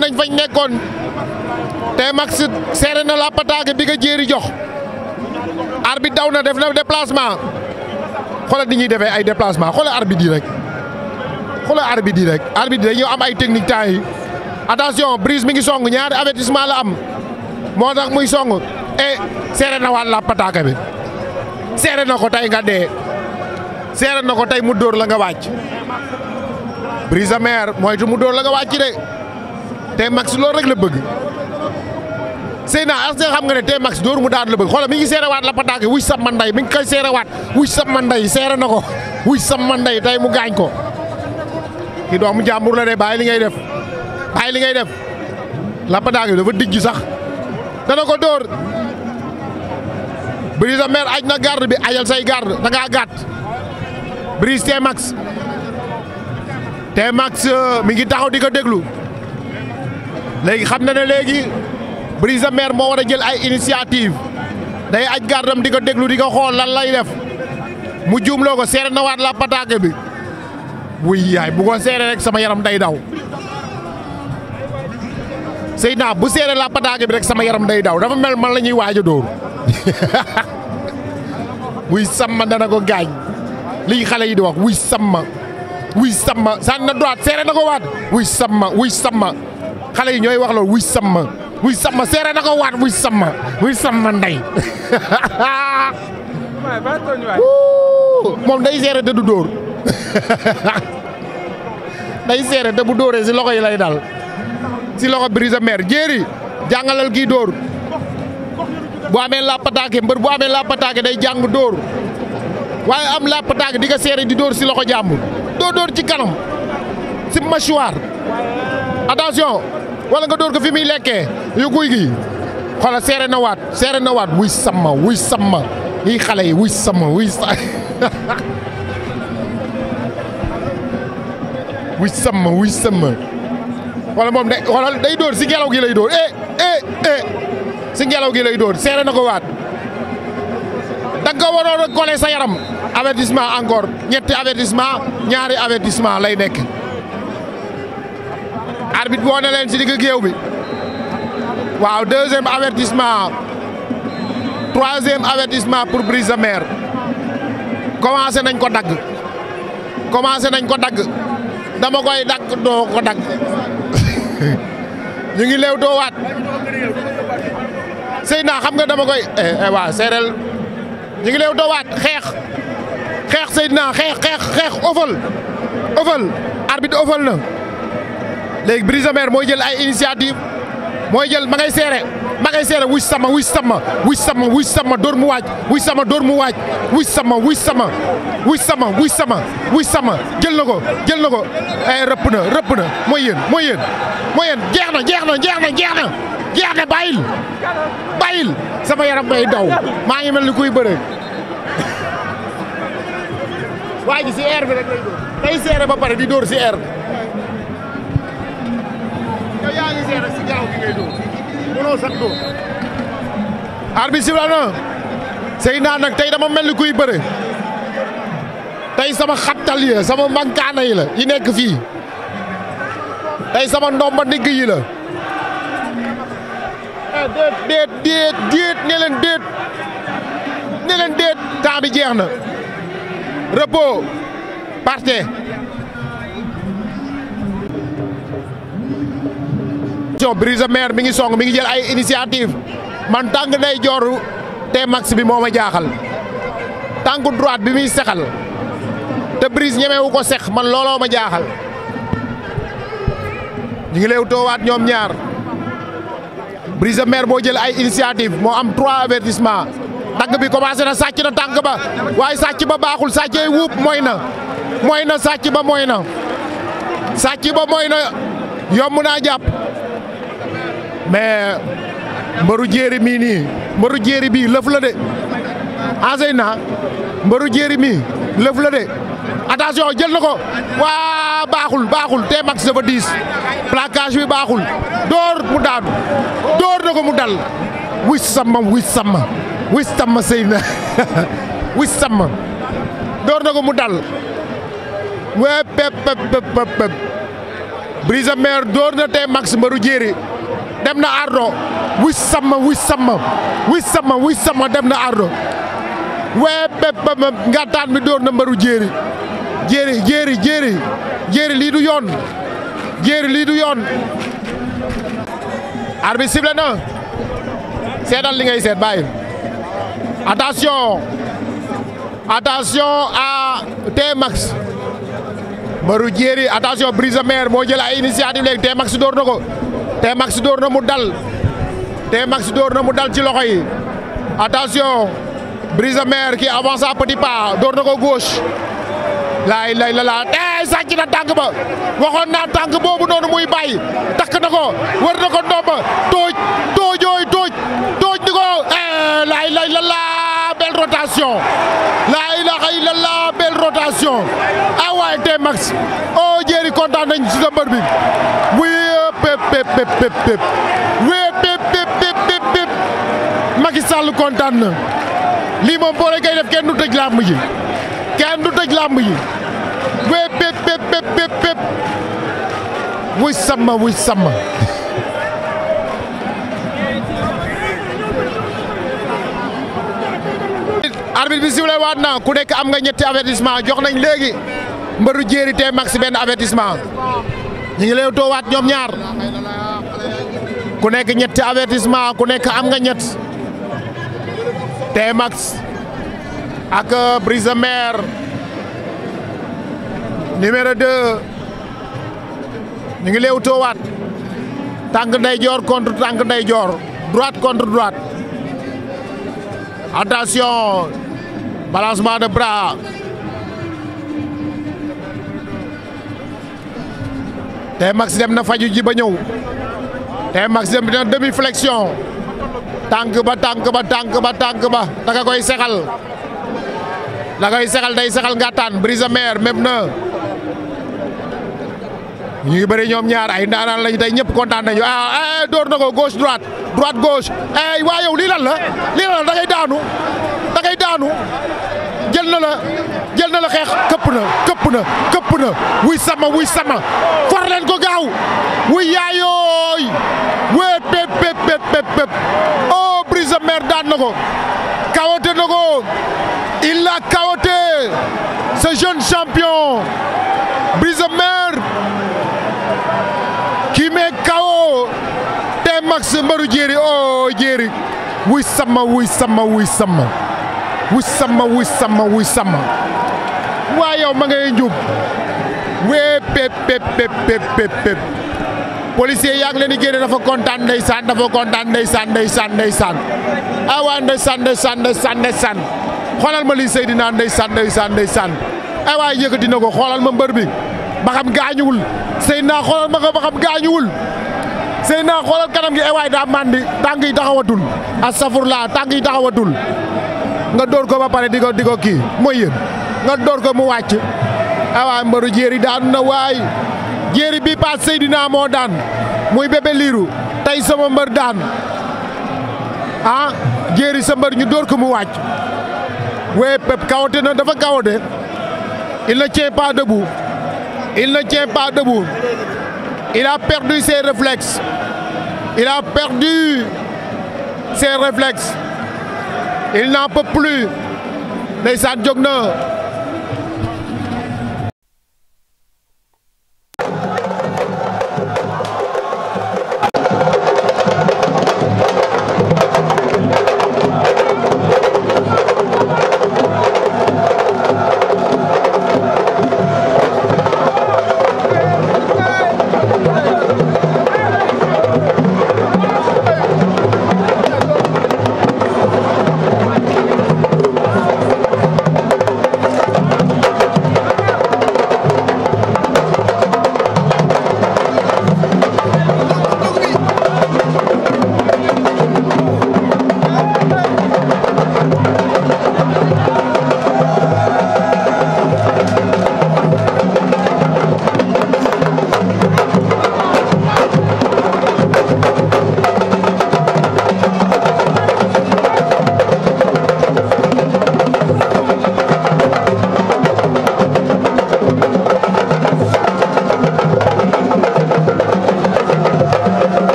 nañ fañ nekkoon te max seere na la pataake bi nga jéeri jox arbitre daw na def na déplacement xoolal di ñuy defee ay déplacement xoolal arbitre yi rek xoolal arbitre di rek arbitre dañoo am ay technique temps yi attention brise mi ngi song ñaari avertissement la am moo tax muy song e seere na waat la bi seere na ko tey nga dee seere na ko tey mu dóor la nga wàcc brise mer moytu mu dóor la nga wàcc de T-Max loolu rek la bëgg naa as nga xam nga ne T-Max dóor mu daan la bëgg xoolal mi ngi seerewaat la pataake wuy sab ma nday mi ngi koy seerewaat wuy sab ma nday seere na ko wuy sab ma nday tey mu gaañ ko ki doomu jàmbur la de bàyyi li ngay def bàyyi li ngay def la pataake dafa dijj sax dana ko dóor Brise mer aj na garde bi ajal say garde da ngaa gàtt Brise T-Max T-Max euh, mi ngi taxaw di ko déglu léegi xam na ne léegi sa Mer moo war a jël ay initiative day aj gardam di ko déglu di ko xool lan lay def mu juumloo ko seere na waat la pataake bi wuy yaay bu ko seere rek sama yaram day daw Seydina bu seere laa pataake bi rek sama yaram day daw dafa mel man la ñuy waaj a dóor wuy sàmma dana ko gaañ liñ xale yi di wax wuy sàmma wuy sàmma sànni na droite seere na ko waat wuy sàmma wuy sàmma xale yi ñooy wax loolu wuy sama wuy sama seere na ko waat wuy sama wuy sama ndey moom day seere te du dóor day seere te bu dóoree si loxo yi lay dal si loxo brise mer jéeri jàngalal kii dóor bu amee làppataake mbër bu amee làppataake day jàng dóor waaye am làppataake di nga seere di dóor si loxo jàmbur doo dóor ci kanam si mâchoire attention wala nga dóor ko fi muy lekkee yu guy gi xoolal seere na waat seere na waat wuy sama wuy sama yi xale yi wuy sama wuy sa wuy sama wala moom de xoolal day dóor si ngelaw gi lay dóor eh eh eh si ngelaw gi lay dóor seere na ko waat da nga waroon a kole sa yaram avertissement encore ñetti avertissement ñaari avertissement lay nekk arbitre woo na leen si digg géew bi waaw deuxième avertissement troisième avertissement pour Brise de Mer commencé nañ ko dagg commencé nañ ko dagg dama koy dagg doo ko dagg ñu ngi leew doo waat sëy naa xam nga dama koy eh, eh, waaw seereel ñu ngi lew doo waat xeex xeex sëy naa xeex xeex xeex ofal ofal arbitre ofal na léegi Brise Mer mooy jël ay initiative mooy jël ma ngay seere ma ngay seere wuy sama wuy sama wuy sama wuy sama dóor mu waaj wuy sama dóor mu waaj wuy sama wuy sama wuy sama wuy sama wuy sama jël na ko jël na ko rëpp na rëpp na mooy yéen mooy yéen mooy yéen jeex na jeex na jeex na jeex na jeex na bàyyil sama yaram ngay daw maa ngi mel ni kuy bëre waa ji si air bi rek day seere ba pare di dóor si air bi yow yaa ngi seet rek si nag tey dama mel ni kuy bëre tey sama xattal yi sama mankaana yi la yi nekk fii tey sama ndomba ndigg yi la. Ah, déet déet déet déet leen déet ne leen déet temps bi jeex na repos partez. Brise de Mer mi ngi song mi ngi jël ay man tànk day jooru te max bi moo ma jaaxal tànk droite bi muy sexal te Brise ñemewu ko sex man looloo ma jaaxal ñu ngi leew toowaat ñoom ñaar Brise de Mer jël ay initiative moo am trois avertissement tànk bi commencé na sàcc na tànk ba waaye sàcc ba baaxul sàccee wuub mooy na mooy na sàcc ba mooy na sàcc ba mooy na yomb naa jàpp mais mbaru jéeri mii nii mbaru jéeri bii lëf la de Aseyna mbaru jéeri mii lëf la de attention jël na ko waa baaxul baaxul tee max dafa diis wi baaxul door mu daanu door na ko mu dal wis sama wis sama wis sama sëy na wis sama door na ko mu dal wee pep pep pep pep Brise door na te max mbaru jéeri dem na ardo wis sama wis sama wis sama wis sama dem na ardo wee bépp ba ngantaan mi dóor na mbaru jéeri jéeri jéeri jéeri jéeri lii du yoon jéeri lii du yoon arbi sible na seetal li ngay seet bàyyi attention attention à T-Max mbaru jéeri attention brise mer moo jël ay initiative léegi T-Max dóor na ko te max dóor na mu dal te max na mu dal ci loxo yi attention Brise Mer qui avance à petit na ko gauche laay lay la laa eh, sàcc na tànk ba waxoon naa tànk boobu noonu muy bàyyi takk na ko wër na ko ndomba tooj toojooy tooj tooj ni ko eh laay lay la laa belle rotation laay lay la laa belle rotation ah waay te max oh kontaan nañ ci sa bi muy. pep pep pep wee pep pep pep kontaan na lii moom boo koy def kenn du tëj làmb ji kenn du tëj làmb ji wee pep pep pep pep sama wuy sama arbitre bi sifflé waat na ku nekk am nga ñetti avertissement jox nañ léegi mbaru jéeri te max benn avertissement ñu ngi lay toowaat ñoom ñaar ku nekk ñetti avertissement ku nekk am nga ñett Tmax ak euh, Brise de Mer numéro 2 ñu ngi leew toowaat tànk ndeyjoor contre tànk ndeyjoor droite contre droite attention balancement de te Tmax dem na faju ji ba ñëw te Maxime dina demi flexion tànk ba tànk ba tànk ba tànk ba da nga koy sexal da ngay sexal day sexal ngàttaan Brise Mer même na ñu ngi bëri ñoom ñaar ay ndaanaan lañu tey ñëpp kontaan nañu ah, ah, ah door na ko gauche droite droite gauche ay eh, waa yow lii la lii la da ngay daanu da ngay daanu jël na la jël na la xeex këpp na këpp na këpp na wuy sama wuy sama for ko gaaw wuy yaayooy wee pep pep pep pep oh, daan na ko kawote na ko il a kawote ce jeune champion Brise de Mer qui met KO T-Max mbaru jéeri oh jéeri wuy sama wuy sama wuy sama wuy sama wuy sama sama waa yow ma ngay njub wee pep pep pep pep pep policier yaa ngi leen di génne dafa kontaan ndeysaan dafa kontaan ndeysaan ndeysaan ndeysaan ah waa ndeysaan ndeysaan ndeysaan ndeysaan xoolal ma lii Seydina ndeysaan ndeysaan ndeysaan ay ah, waa yëkkati na ko xoolal ma mbër bi ba xam gaañuwul naa xoolal ma ko ba xam gaañuwul Seydina xoolal kanam gi ay eh, waay daa màndi tàng yi taxawatul astafurlaa tànk yi taxawatul nga door ko ba pare di ko di ko kii mooy yéen nga door ko mu wàcc awaay ah mbaru jéeri daan na waay jéeri bi paas Seydina moo daan muy bébé liiru tey sama mbër daan ah jéeri sa mbër ñu dóor ko mu wàcc wee pep kawote na dafa kawote il ne tient pas debout il ne tient pas debout il a perdu ses réflexes il a perdu ses réflexes il n'en peut plus ndeysaan jóg na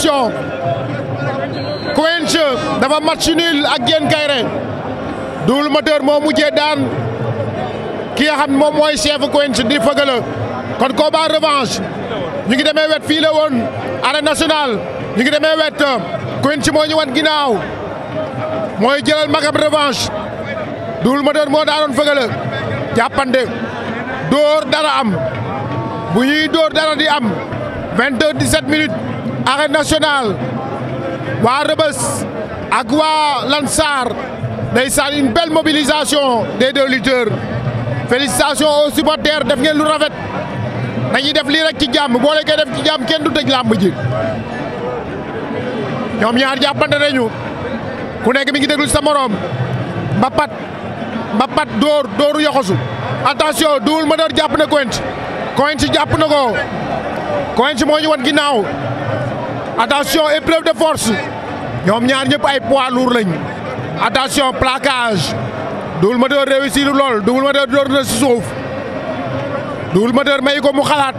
émission Quench dafa match nul ak Diène Kairé Double Moteur moo mujjee daan ki nga moom mooy chef Quench di fëgala kon combat revanche ñu ngi demee wet fii la woon arène nationale ñu ngi demee wet Quench moo ñu wan ginnaaw mooy jëlal magam revanche Double Moteur moo daanoon fëgala jàppande dóor dara am bu ñuy dóor dara di am vingt arène nationale waa Rebeuss ak waa Lansar ndeysaan une belle mobilisation des deux lutteurs félicitations aux def ngeen lu rafet dañuy def lii ci jàmm boo leen koy def ci jàmm kenn du tëj làmb ji ñoom ñaar jàppante nañu ku nekk mi ngi déglu sa moroom mbapat mbapat door dóoru yoxosu attention Double Moteur jàpp na Quench Quench jàpp na ko Quench moo ñu wan ginnaaw attention épreuve de force ñoom ñaar ñëpp ay poids lourd lañ attention plaquage Double Moteur réussir lool Double Moteur door na si suuf Double Moteur may ko mu xalaat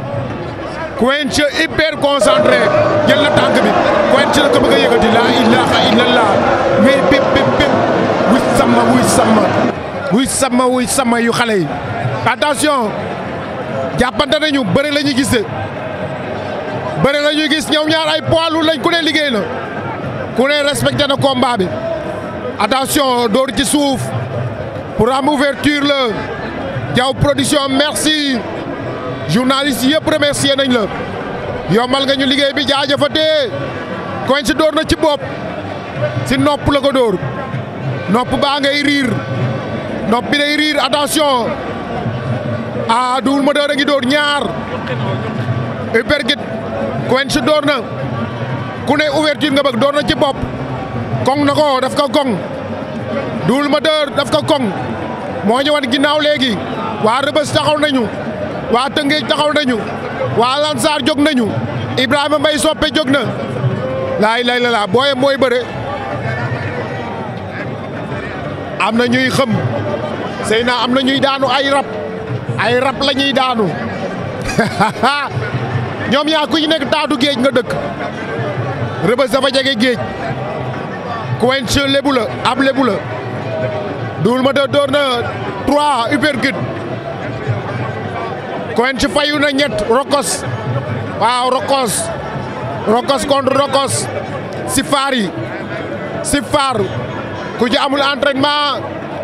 Quench hyper concentré jël na tànk bi Quench la ko bëgg a yëkkati laa ilaaha illallah mais bépp bépp bépp wuy sama wuy sama wuy sama wuy sama yu xale yi attention jàppante nañu bëri la ñu gis bëri na ñuy gis ñoom ñaar ay poids lourd lañ ku ne liggéey na ku ne respecté na combat bi attention dóor ci suuf pour am ouverture la Diaw production merci journaliste yëpp remercier nañ la yombal nga ñu liggéey bi jaajëfatee koñ si dóor na ci bopp si nopp la ko dóor nopp baa ngay riir nopp bi day riir attention ah ma Moteur a ngi dóor ñaar Uppercut si door na ku ne ouverture nga bëgg door na ci bopp koŋ na ko daf ko koŋ ma Moteur daf ko koŋ moo ñëwaat ginnaaw léegi waa Rëbës taxaw nañu waa Tëngéej taxaw nañu waa Lansar jóg nañu Ibrahima Mbaye soppe jóg na laay lay la laa booye mooy bëre am na ñuy xëm sëy naa am na ñuy daanu ay rab ay rab la daanu ñoom yaa ku ci nekk taatu géej nga dëkk rëbës dafa jege géej Quench lébu la ab lébu la Double Moteur door na trois uppercut fayu na ñett rokos waaw rokos rokos contre rokos si faar yi si faar ku ci amul entraînement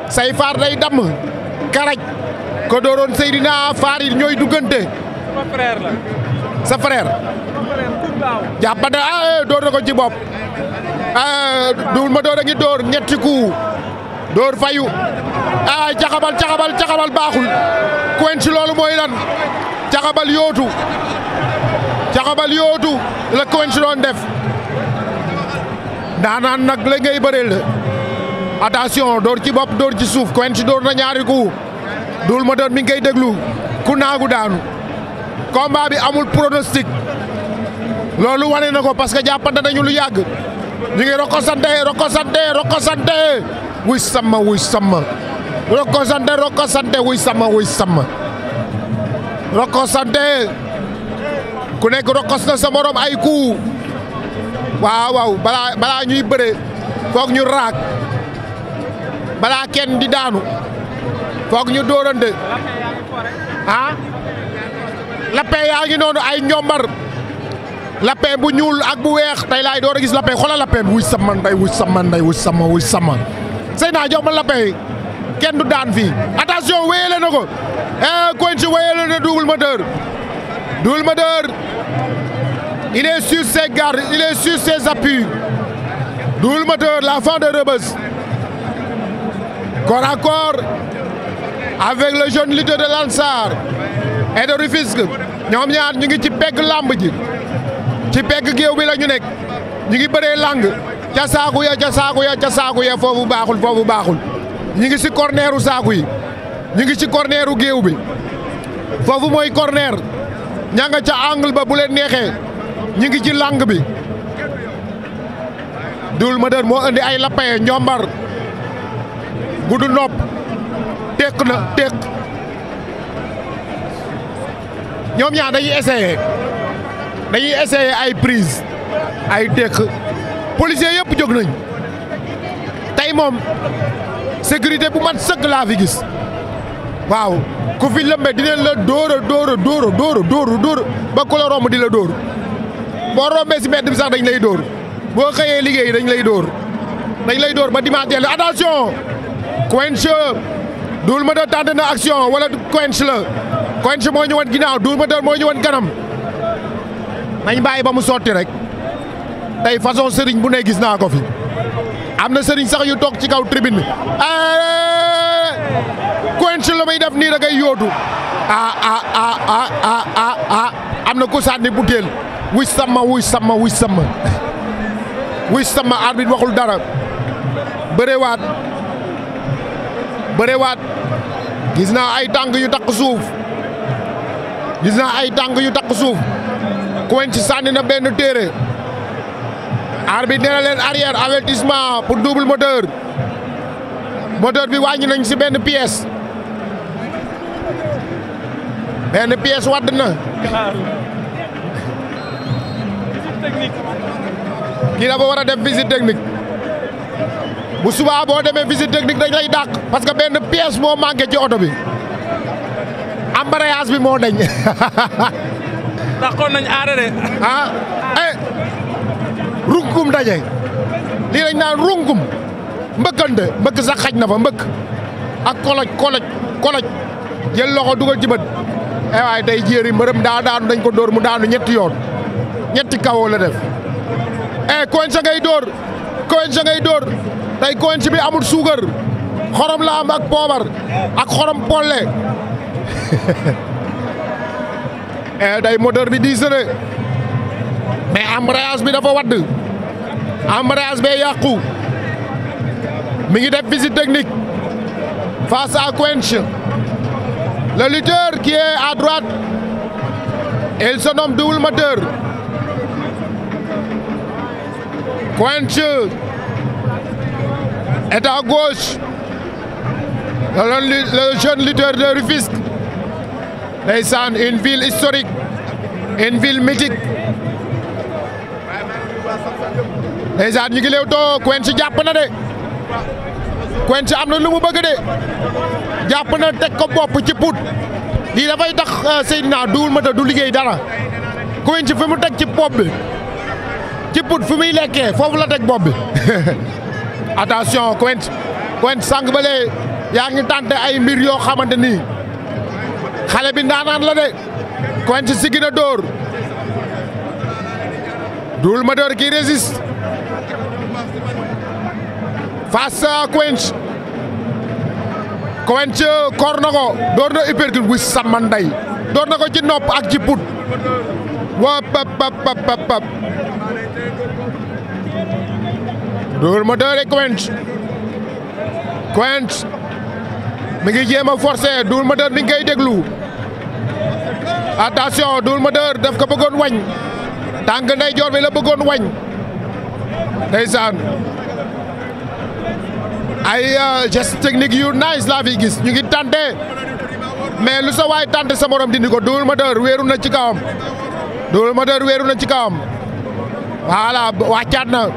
say faar day damm karaj ko dooroon Seydina faar yi ñooy duggante la sa frère jàppante ah eh, door na ko ci bopp ah duul ma door a ngi door ñetti ku door fayu ah caxabal caxabal caxabal baaxul kuwen ci loolu mooy lan caxabal yootu caxabal yootu la kuwen ci doon def ndaanaan nag la ngay bëreel attention door ci bopp door ci suuf kuwen ci door na ñaari ku duul ma door mi ngi koy déglu ku naagu daanu. combat bi amul pronostic loolu wane ko parce que jàppante nañu lu yàgg ñu ngi rokosante rokosante wuy sama wuy sama rokosante rokosante wuy sama wuy sama rokosante ku nekk rokos sa morom ay ku waaw waaw balaa balaa ñuy bëre foog ñu raak balaa kenn di daanu foog ñu dóorante ah lapin yaa ngi noonu ay ñombar lapin bu ñuul ak bu weex tey lay door a gis lapin xoolal lapin bi wuy sama nday wuy sama nday wuy sama wuy sama sëy naa jox ma lapin kenn du daan fii attention wéyale na ko eh, Quench wéyale na double moteur double moteur il est sur ses gardes il est sur ses appuis double la fin de Rebeuss corps à corps avec le jeune leader de Lansar et de Rufisque ñoom ñaar ñu ngi ci pegg làmb ji ci pegg géew bi la ñu nekk ñu ngi bëree làng ca saaku ya ca saaku ya ca saaku ya foofu baaxul foofu baaxul ñu ngi si corneeru saaku yi ñu ngi si corneeru géew bi foofu mooy corneer ña nga ca angle ba bule neexee ñu ngi ci làng bi dul ma moo indi ay lappaye njombar gudu nopp tekk na tekk ñoom ñaa dañuy essayer dañuy essayer ay prise ay tekk policiers yëpp jóg nañ tey moom sécurité bu mat sëkk laa fi gis waaw ku fi lëmbe dinañ la dóor a dóor a dóor a dóor a dóor a ba ku la di la dóor boo rombee si mbedd bi sax dañu lay dóor boo xëyee liggéey dañ lay dóor dañ lay dóor ba dimanche dellu attention Quench ma Moteur tenté na action wala Quench la Quench moo ñu wan ginnaaw Double Moteur moo ñu wan kanam nañ bàyyi ba mu sotti rek tey façon sëriñ bu ne gis naa ko fi am na sëriñ sax yu toog ci kaw tribune Quench la may def nii da ngay yóotu ah, ah ah ah ah ah ah am na ku sànni butéel wuy sama wuy sama wuy sama wuy sama arbitre waxul dara bërewaat bërewaat gis naa ay tànk yu takk suuf gis naa ay tànk yu takk suuf Quench sànni na benn téere arbitre nee na leen arrière avertissement pour double moteur moteur bi wàññi nañ si benn pièce benn pièce wadd na kii dafa war a def visite technique bu subaa boo demee visite technique dañ lay dàq parce que benn pièce moo manqué ci oto bi am embrayage bi moo dañ. ndax kon nañ de. ah eh rungum daje lii naan rungum mbëkkante mbëkk sax xaj na fa mbëkk ak koloj koloj koloj jël loxo dugal ci bët eh waaye day jéeri mbërëm daa daanu dañ ko dóor mu daanu ñetti yoon ñetti kawoo la def eh koñ sa ngay dóor koñ sa ngay dóor tey koñ si bi amul suukar xorom la ak poobar ak xorom polle e day moteur bi diis na mais embrayage bi dafa wadd embrayage bee yàqu mi ngi def visite technique face à Quench le lutteur qui est à droite il se nomme Double Moteur Quench est à gauche le jeune de Rufisque ndeysaan une ville historique une ville mythique ndeysaan ñu ngi too Quench jàpp na de Quench am na lu mu bëgg de jàpp na teg ko bopp ci put lii dafay tax euh, Seydina du Moteur du liggéey dara Quench fi mu teg ci bopp bi ci put fi muy lekkee foofu la teg bopp bi attention Quench Quench sànq ba lee yaa ngi tànte ay mbir yoo xamante ni xale bi ndaanaan la de Quench siggi na dóor Double Moteur qui résiste face à Quench Quench koor na ko door na uppercut wi sama ndey door na ko ci nopp ak ci put wa pap pap pap pap Double Moteur et Quench mi ngi jéem a forcer Double Moteur mi ngi koy déglu attention Double Moteur daf ko bëggoon wañ tànk ndeyjoor bi la bëggoon wañ ndeysaan ay euh, geste technique yu nice laa fi gis ñu ngi tante mais lu sa waay tante sa morom dindi ko Double Moteur wéeru na ci kawam Double Moteur wéeru na ci kawam voilà wàccaat na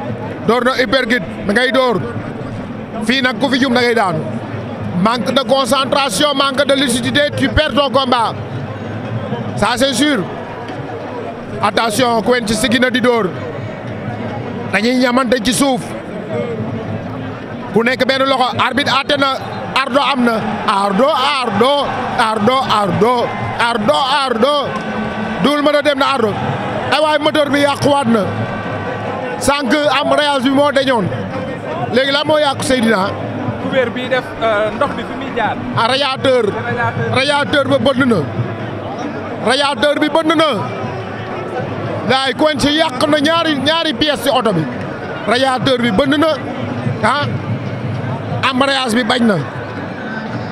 door na hypergit da ngay door fii nag ku fi jum da ngay daanu manque de concentration manque de lucidité tu perds ton combat ça c'est sûr attention Quench siggi na di dóor dañuy ñamante ci suuf ku nekk benn loxo arbitre àtte ardo am na ardo ardo ardo ardo ardo ardo duul dem na ardo ay waay moteur bi yàquwaat na sànq am rayage bi moo dañoon léegi la moo yàqu Seydina couvert euh, ndox bi fi muy a ah, radiateur radiateur ba bënn na radiateur bi bënn na laay kon ci yàq na ñaari ñaari pièces ci oto bi radiateur bi bënn na ah embrayage bi bañ na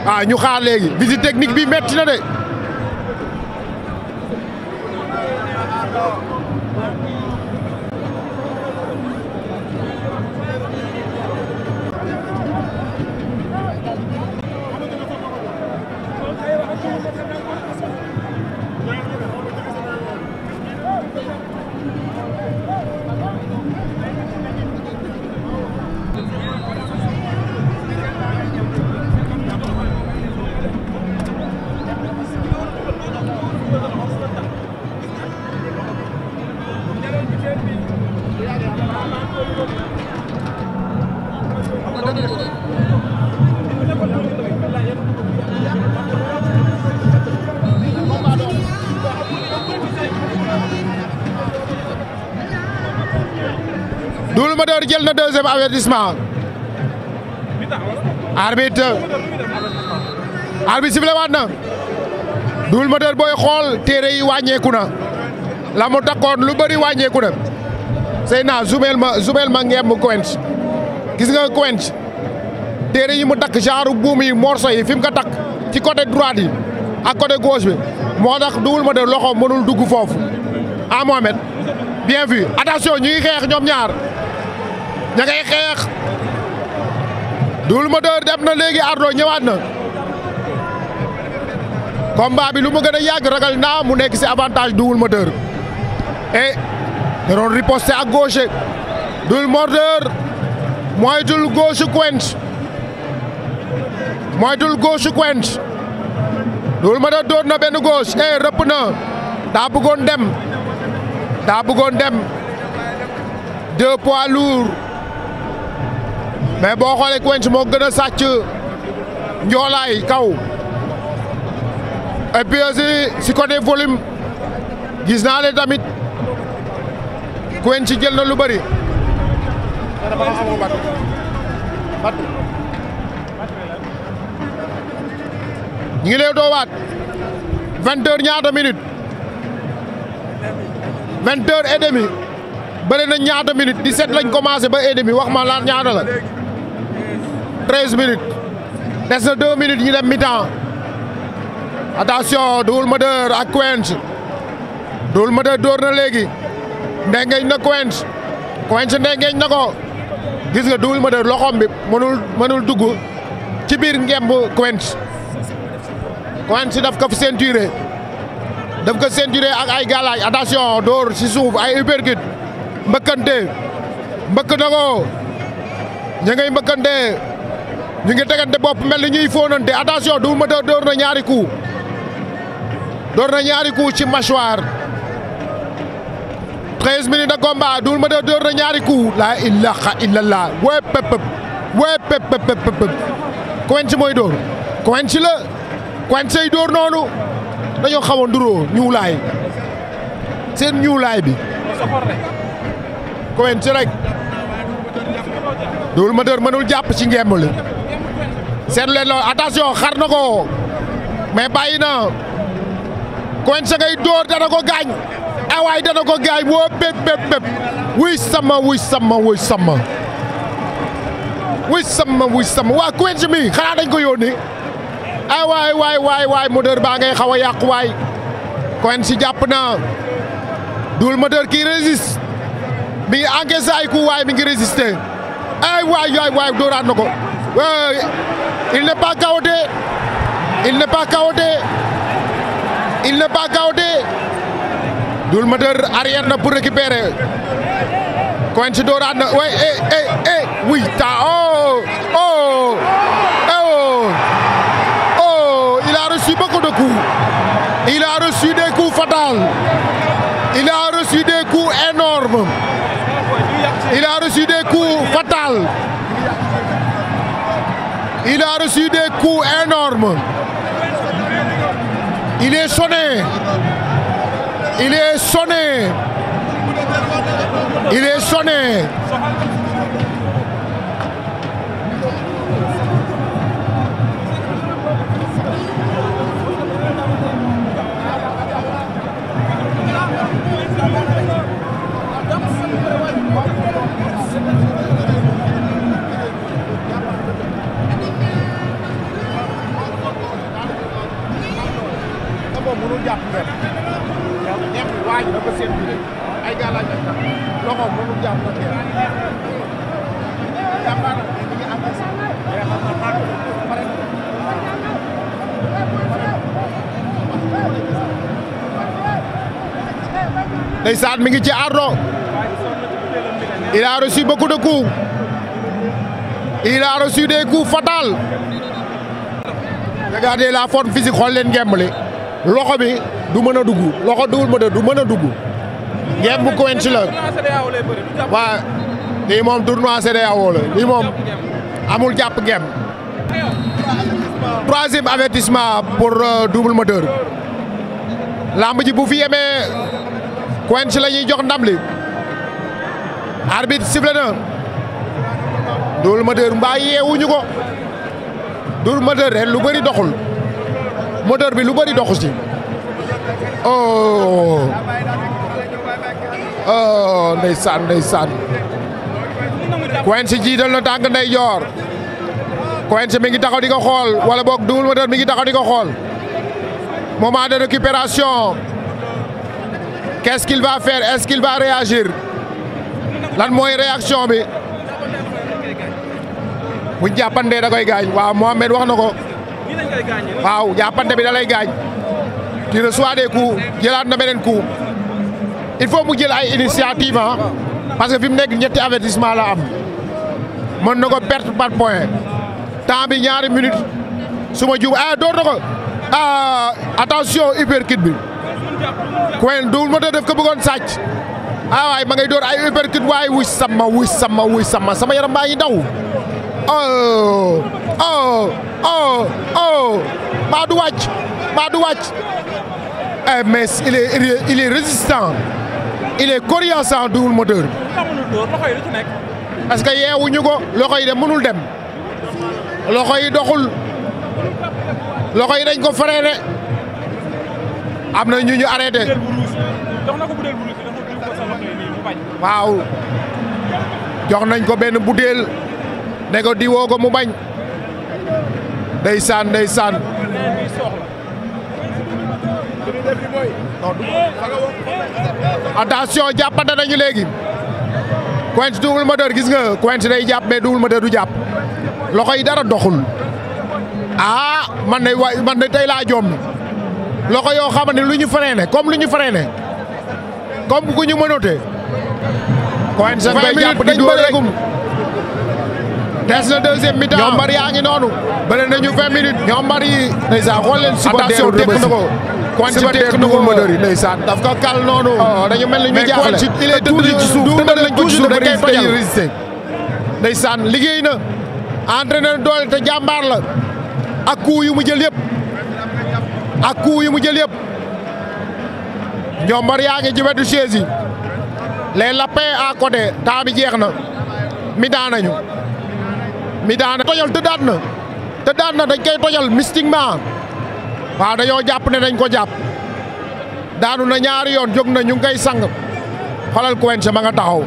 waaw ah, ñu xaar léegi visite technique bi metti na de door jël na deuxième avertissement arbitre arbitre sifflé booy xool téere yi wàññeeku na la mu takkoon lu bëri wàññeeku na sëy naa zumel ma zumel ma ngeem Quench gis nga Quench téere yi mu takk genre buum yi morceau yi fi mu ko takk ci côté droite yi ak côté goos bi moo tax Double Moteur loxo mënul dugg foofu ah Mohamed bien vu attention ñu xeex ñoom ñaar ña ngay xeex Double Moteur def na léegi Ardo ñëwaat na combat bi lu mu gën a yàgg ragal naa mu nekk ci avantage Double Moteur et da doon riposter ak gauche Double Moteur moytul gauche coint moytul gauche coint Double Moteur dóor na benn gauche eh rëpp na daa bëggoon dem daa bëggoon dem deux poids mais boo xoolee Quench moo gën a sàcc njoolaay kaw et puis aussi si côté volume gis naa ne tamit Quench jël na lu bëri. ñu ngi lay doowaat vingt ñaata minutes vingt heures et demi na ñaata minutes dix-sept lañ commencé ba et wax ma laat ñaata la. treize minutes des na deux minutes ñu dem mi-temps attention Double Moteur ak Quench Double Moteur dóor na léegi ndengeñ na Quench Quench ndengeñ na ko gis nga Double Moteur loxoom bi mënul mënul dugg biir ngemb Quench Quench daf ko senture daf ko ceinturé ak ay galaaj attention dóor si suuf ay uppercut mbëkkante mbëkk ñu ngi tegante bopp mel ni ñuy fóonante attention Double Moteur door na ñaari coup door na ñaari coup ci mâchoire 13 minutes de combat Double Moteur door na ñaari coup la ilaha illallah wee pep wee pep pep pep Quench mooy door Quench la Quench say door noonu dañoo xaw a nduroo ñuulaay seen ñuulaay bi Quench rek Double Moteur mënul jàpp ci ngemb li seetlu leen loolu attention xar na ko mais bàyyi na Quench ngay dóor dana ko gaañ awaay ah, dana ko gaañ woo bépp bépp bépp wuy sama wuy sama wuy sama wuy sama wuy sama waa Quench xanaa dañ ko yónni ay ah, waay waay waay waay baa ngay xaw a yàqu waay si jàpp na Double Moteur kii résiste mi ngi encaissé ay coup waay mi ngi résisté ay waay waay waay na ko waay Il n'est pas KOD. Il n'est pas KOD. Il n'est pas KOD. Doul Moteur arrière na pour récupérer. na oui eh eh eh oui taa oh oh eh, oh oh il a reçu beaucoup de coups. Il a reçu des coups fatals. Il a reçu des coups énormes. Il a reçu des coups fatals. Il a reçu des coups énormes. Il est sonné. Il est ndeysaan mi ngi ci ardo il a reçu beaucoup de coups il a reçu des coups la forme physique xool leen ngemb loxo bi du mën a dugg loxo duwul mën a du mën a dugg ngemb Quench la waaw lii moom tournoi CEDEAO la lii moom amul jàpp ngemb troisième avertissement pour euh, double moteur lamb ji bu fi yemee Quench la ñuy jox ndam li arbitre sifflé na Double Moteur mbaa yeewuñu ko Double Moteur ren lu bari doxul moteur bi lu bari doxu si oh oh ndeysaan ndeysaan Quench jiital na tànk ndeyjoor Quench mi ngi taxaw di ko xool wala boog Double Moteur mi ngi taxaw di ko xool moment de récupération qu'est-ce qu'il va faire est lan mooy réaction bi bu jàppandee da koy gaañ waaw Mohamed wax na ko waaw jàppante bi da lay gaañ tu reçois des jëlaat na beneen coup il faut mu jël ay initiative ah parce que fi mu nekk ñetti avertissement la am mën na ko perte par point temps bi ñaari minutes su ma jub ah door na ko ah attention uppercut bi. Quench Double Moteur def ko bëggoon sàcc ah waay ma ngay door ay uppercut waaye wuy sama wuy sama wuy sama sama yaram baa ngi daw oh oh oh oh maa du wàcc maa du wàcc eh mais il résistant il est coriace en Double que yeewuñu ko loxo yi de mënul dem loxo yi doxul loxo yi dañ ko freiné. am na ñu ñu arrêté. waaw jox nañ ko benn butéel ne ko diwoo ko mu bañ. ndeysaan ndeysaan. attention jàppante nañu léegi. Quench Double Moteur gis nga Quench day jàpp mais Double Moteur du jàpp loxo yi dara doxul. ah man de wa man tey laa joom loxo yoo xam ne lu ñu freiné comme lu ñu freiné comme ku ñu mënutee. Coins ak bay jàpp di dóor rek des na deuxième mi-temps ñoom bari yaa ngi noonu. bëri nañu vingt minutes ñoom bari yi. ndeysaan xool leen attention tekk na ko. Coins tekk na ko ndeysaan daf ko kal noonu. Oh, dañu mel ni ñu jaaxle mais il est toujours ci suuf tëddal lañ ko ci suuf dañ koy résister. ndeysaan liggéey na entraîneur doole te jàmbaar la ak coup yu mu jël yépp ak coup yi mu jël yëpp njombar yaa ngi ci wetu chaise yi les lapins à côté temps bi jeex na mi daanañu mi daana tojal tëddaat na tëddaat na dañ koy tojal mystiquement waaw dañoo jàpp ne dañ ko jàpp daanu na ñaari yoon jóg nañu ñu ngi koy sang xolal Quench ma nga taxaw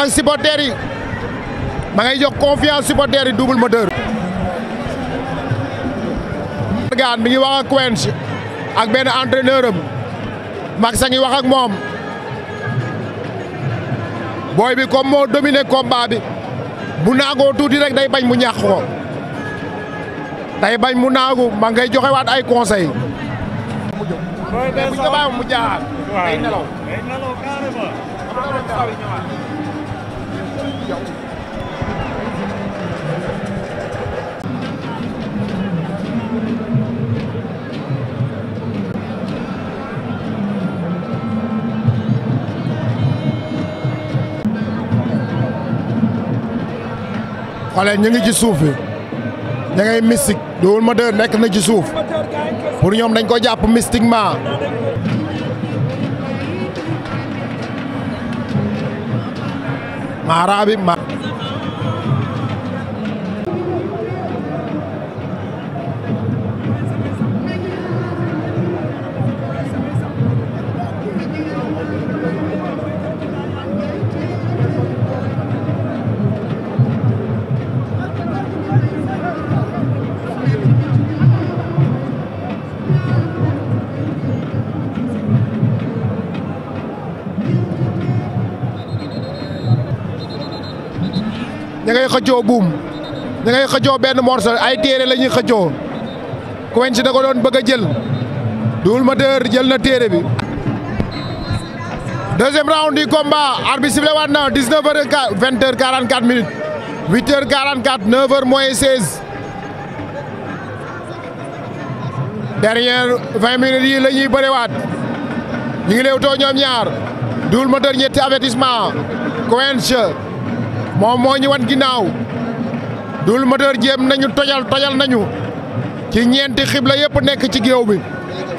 ak supporters ma ngay jox confiance ngi wax ak Quench ak benn entraîneur am Max a ngi wax ak moom booy bi comme moo dominé combat bi bu naagoo tuuti rek day bañ mu ñàq ko day bañ mu naagu ma ngay joxewaat ay conseils. xale ñu ngi ci suuf bi ña ngay mystique Double nekk na ci suuf pour ñoom dañ ko jàpp mystiquement maara bi ma xëccoo buum da ngay xëccoo benn morceau ay téere la ñuy xëccoo Quench da ko doon bëgg a jël Double Moteur jël na téere bi deuxième round du combat arbitre sifflé waat na 19 heures et 20 heures 44 minutes 8 heures 44 9 heures yi la ñuy bëriwaat ñu ngi léewtoo ñoom ñaar Double Moteur ñetti avertissement Quench moom moo ñu wan ginnaaw Double Moteur jéem nañu tojal tojal nañu ci ñeenti xibla yëpp nekk ci géew bi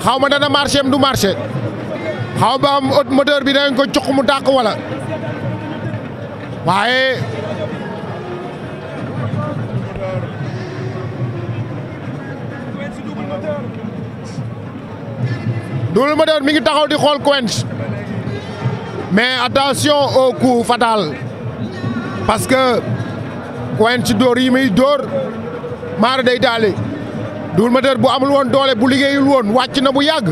xaw ma dana marché am du marché xaw ma am moteur bi danañ ko cuq mu tàkk walla waaye Double Moteur mi ngi taxaw di xool Quench mais attention au coup fatal parce que wayen ci dóor yi muy dóor maara day daale Double Moteur bu amul woon doole bu liggéeyul woon wàcc na bu yàgg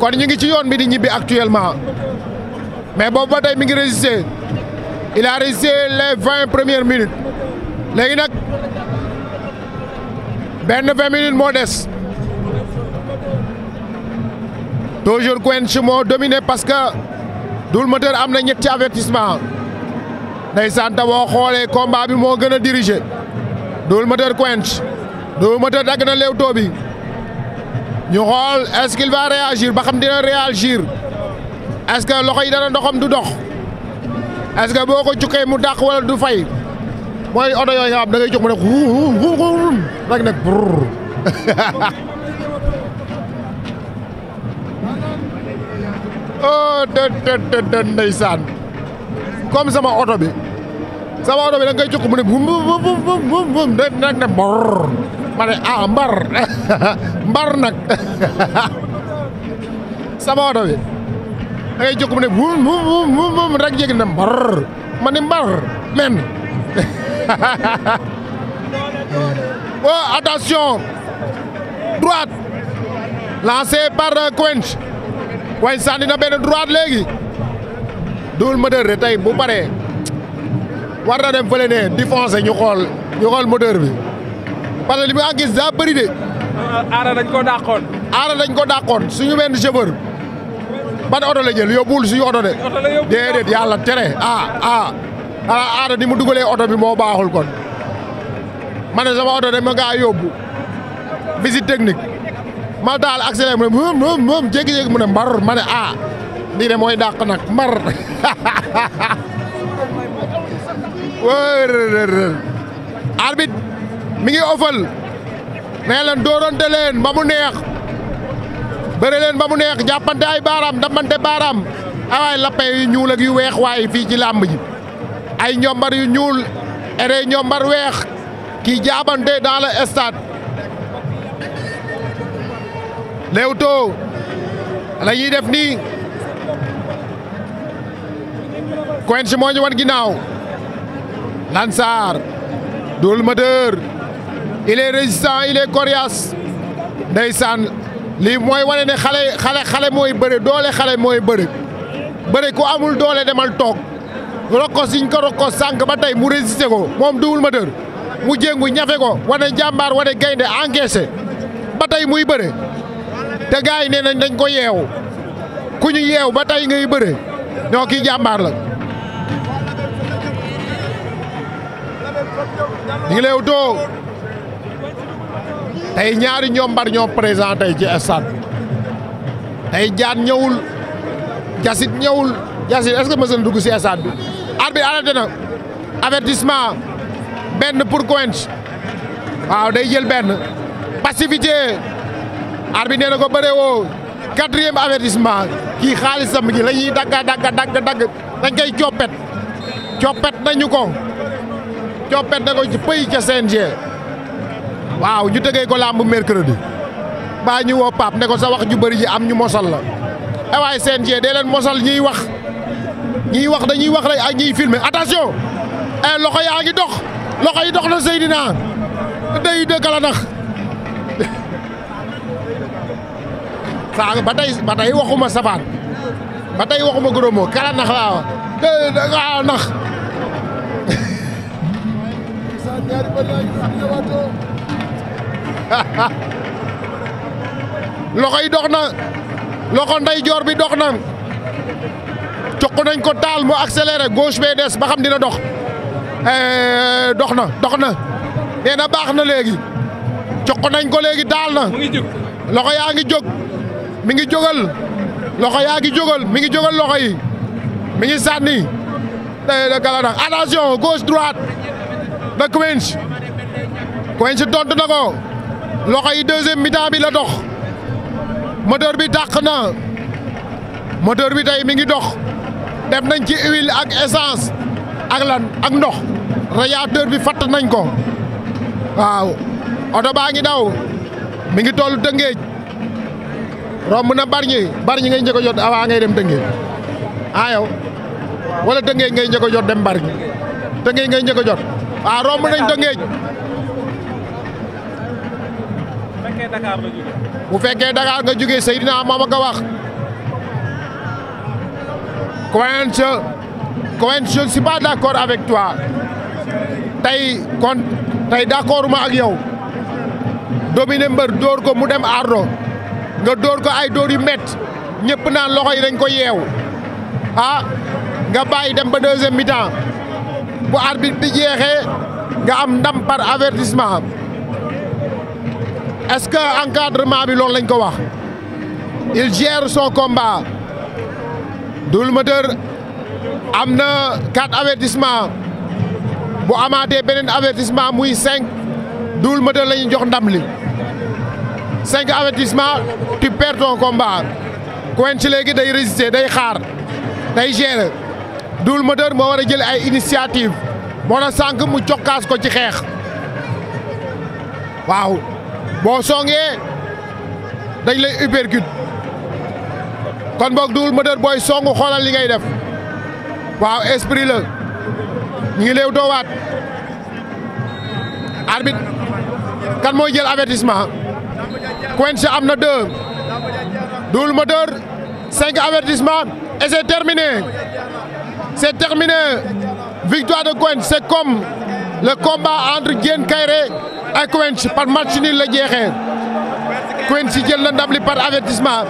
kon ñu ngi ci yoon bi di ñibbi actuellement mais boobu ba mi ngi résisté il a résisté les vingt premières léegi nag benn vingt minutes moo des toujours Quench moo dominé parce que Double Moteur am na ñetti avertissement ndeysaan te boo xoolee combat bi moo gën a diriger Double Moteur Quench Double Moteur dagg na léewtoo bi ñu xool est-ce qu'il va réagir ba xam dina réagir est loxo yi dana doxam du dox est boo ko cukkee mu dàq wala du fay mooy oto yooyu nga xam da ngay mu ne rek nag brrr oh te te te ndeysaan sama oto bi sama oto bi da nga koy cukk mu ne bum bum bum bum bum da nag ne bor ma ne ah mbar mbar nag sama oto bi da ngay cukk mu ne bum bum bum bum rek yëg na mbar ma ne mbar men oh attention droite lancé par Quench waaye sànni na benn droite léegi duul ma dër tey bu paree war na dem fële ne di foncer ñu xool ñu xool moteur bi parce que li ma gis daa bëri de. aara dañ ko dàqoon. aara dañ ko dàqoon suñu benn chauffeur ban oto la jël yóbbuwul suñu oto de. déedéet yàlla tere ah ah ah aara ni mu dugalee oto bi moo baaxul kon ma ne sama oto de ma yóbbu visite technique ma daal accéléré mu ne moom moom moom jékki mu ne mbar ma ne ah lii mooy dàq nag mar arbitre mi ngi ofal nee leen dóorante leen ba mu neex bëre leen ba mu neex jàppante ay baaraam dammante baaraam awaay lappe yu ñuul ak yu weex waaye fii ci làmb ji ay ñombar yu ñuul ere ñombar weex kii jaabante dans le stade Leewtoo la ñuy def nii Quench moo ñu wan ginnaaw Lansar Double Moteur il est résistant il est coriace ndeysaan lii mooy wane ne xale xale xale mooy bëre doole xale mooy bëre bëre ku amul doole demal toog rokkos yiñ ko rokkos sànq ba tey mu résisté ko moom Double Moteur mu jéngu ñafe ko wane jàmbaar wane gaynde encaissé ba tey muy bëre te gars yi nee nañ dañ ko yeew ku ñu yeew ba tey ngay bëre ñoo ki jàmbaar la ñu ngi leew too tey ñaari ñoom mbar ñoo présent tey ci stade bi tey jaan ñëwul jasit ñëwul jasit est-ce que mës na dugg ci bi arbitre arrêté na benn pour Quench waaw day jël benn passivité arbitre nee na ko bëree woo quatrième avertissement kii xaalisam gi la lañuy dagga dagga dagg dagg dañ koy coppet coppet nañu ko coppet da ko ci pëy ca CNG waaw ñu tëggee ko làmb mercredi baa ñu woo Pape ne ko sa wax ñu bëri ji am ñu mosal la ay eh waay CNG dee leen mosal ñiy wax ñiy wax dañuy wax rek ak ñiy filmer attention eh loxo yaa ngi dox loxo yi dox na Seydina day dëkkala nax saa ba tey ba tey waxuma safaan ba tey waxuma goromo kala nax waaw nax loxo yi dox na loxo ndeyjoor bi dox na jox nañ ko taal mu accéléré gauche bee des ba xam dina dox eh, dox na dox na nee na baax na léegi jox nañ ko léegi taal loxo yaa ngi jog mi ngi jogal loxo yaa ngi jogal mi ngi jogal loxo yi mi ngi sànni da eh, gala na gauche droite ba Quench Quench tontu na ko loxo yi deuxième mi-temps bi la dox moteur bi tàq na moteur bi tey mi ngi dox def nañ ci huile ak essence ak lan ak ndox radiateur bi fatt nañ ko waaw oto baa ngi daw mi ngi toll Tëngéej romb na Bargny Bargny ngay njëkk a jot avant ngay dem Tëngéej ah yow wala Tëngéej ngay njëkk a jot dem Bargny Tëngéej ngay njëkk a jot. waaw ah, romb nañ Tëngéej bu fekkee Dakar nga jógee Seydina Mama ka wax Coen je Coen je ne suis pas d'accord avec toi tey kon tey ma ak yow dominer mbër dóor ko mu dem ardo nga dóor ko ay dóor yu mett ñëpp naan loxo yi dañ ko yeew ah nga bàyyi dem mi-temps bu arbitre bi jeexee nga am ndam par avertissement est-ce que encadrement bi loolu lañ ko wax il gère son combat Double Moteur am na quatre avertissement bu amaatee beneen avertissement muy cinq Double Moteur la ñuy jox ndam li cinq avertissement tu perds ton combat Quench léegi day résister day xaar day gérer Double Moteur moo war a jël ay initiative moo na sànq mu cokkaas ko ci xeex waaw boo songee dañ lay uppercut kon boog Double Moteur booy songu xoolal li ngay def waaw esprit la ñu ngi léew doowaat arbitre kan mooy jël avertissement si am na deux Double Moteur cinq avertissement et c'est terminé C'est terminé. Victoire de Quench, c'est comme le combat entre Diène Kairé ak Quench par match nul la jeexee Quench si jël na ndam li par avertissement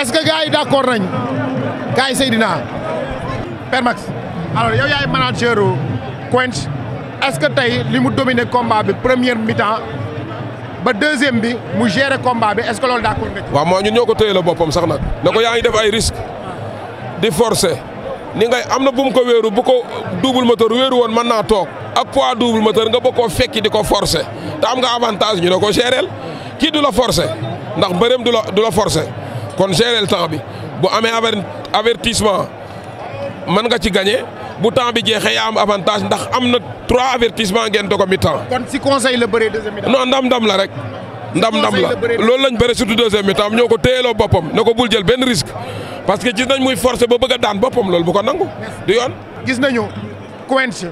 est-ce que gars yi d'accord nañ gars yi Seydina Permax alors yow yaay manager u Quench est tey li mu dominer combat bi première mi-temps ba deuxième bi mu gérer combat bi est-ce que loolu moo ñun ñoo ko téye la boppam sax nag na ko yaa ngi def ay risques di forcer ni ngay am na bu mu ko wéeru bu ko double moteur wéeru woon mën naa toog ak poids double moteur nga bëgg koo fekki di ko forcer te am nga avantage ñu ne ko géréel kii du la forcer ndax mbërëm du la du la forcer kon géréel temps bi bu amee avertissement mën nga ci gagné bu temps bi jeexee yaa am avantage ndax am na trois avertissement ngeen doog a mi temps. kon si conseil la bëree deuxième mi non ndam ndam la rek. ndam ndam la loolu lañ bëre surtout deuxième mi-temps ñoo ko téyeloo boppam ne ko bul jël benn risque parce que gis nañ muy forcé ba bëgg a daan boppam loolu bu ko nangu du yoon gis nañu Quench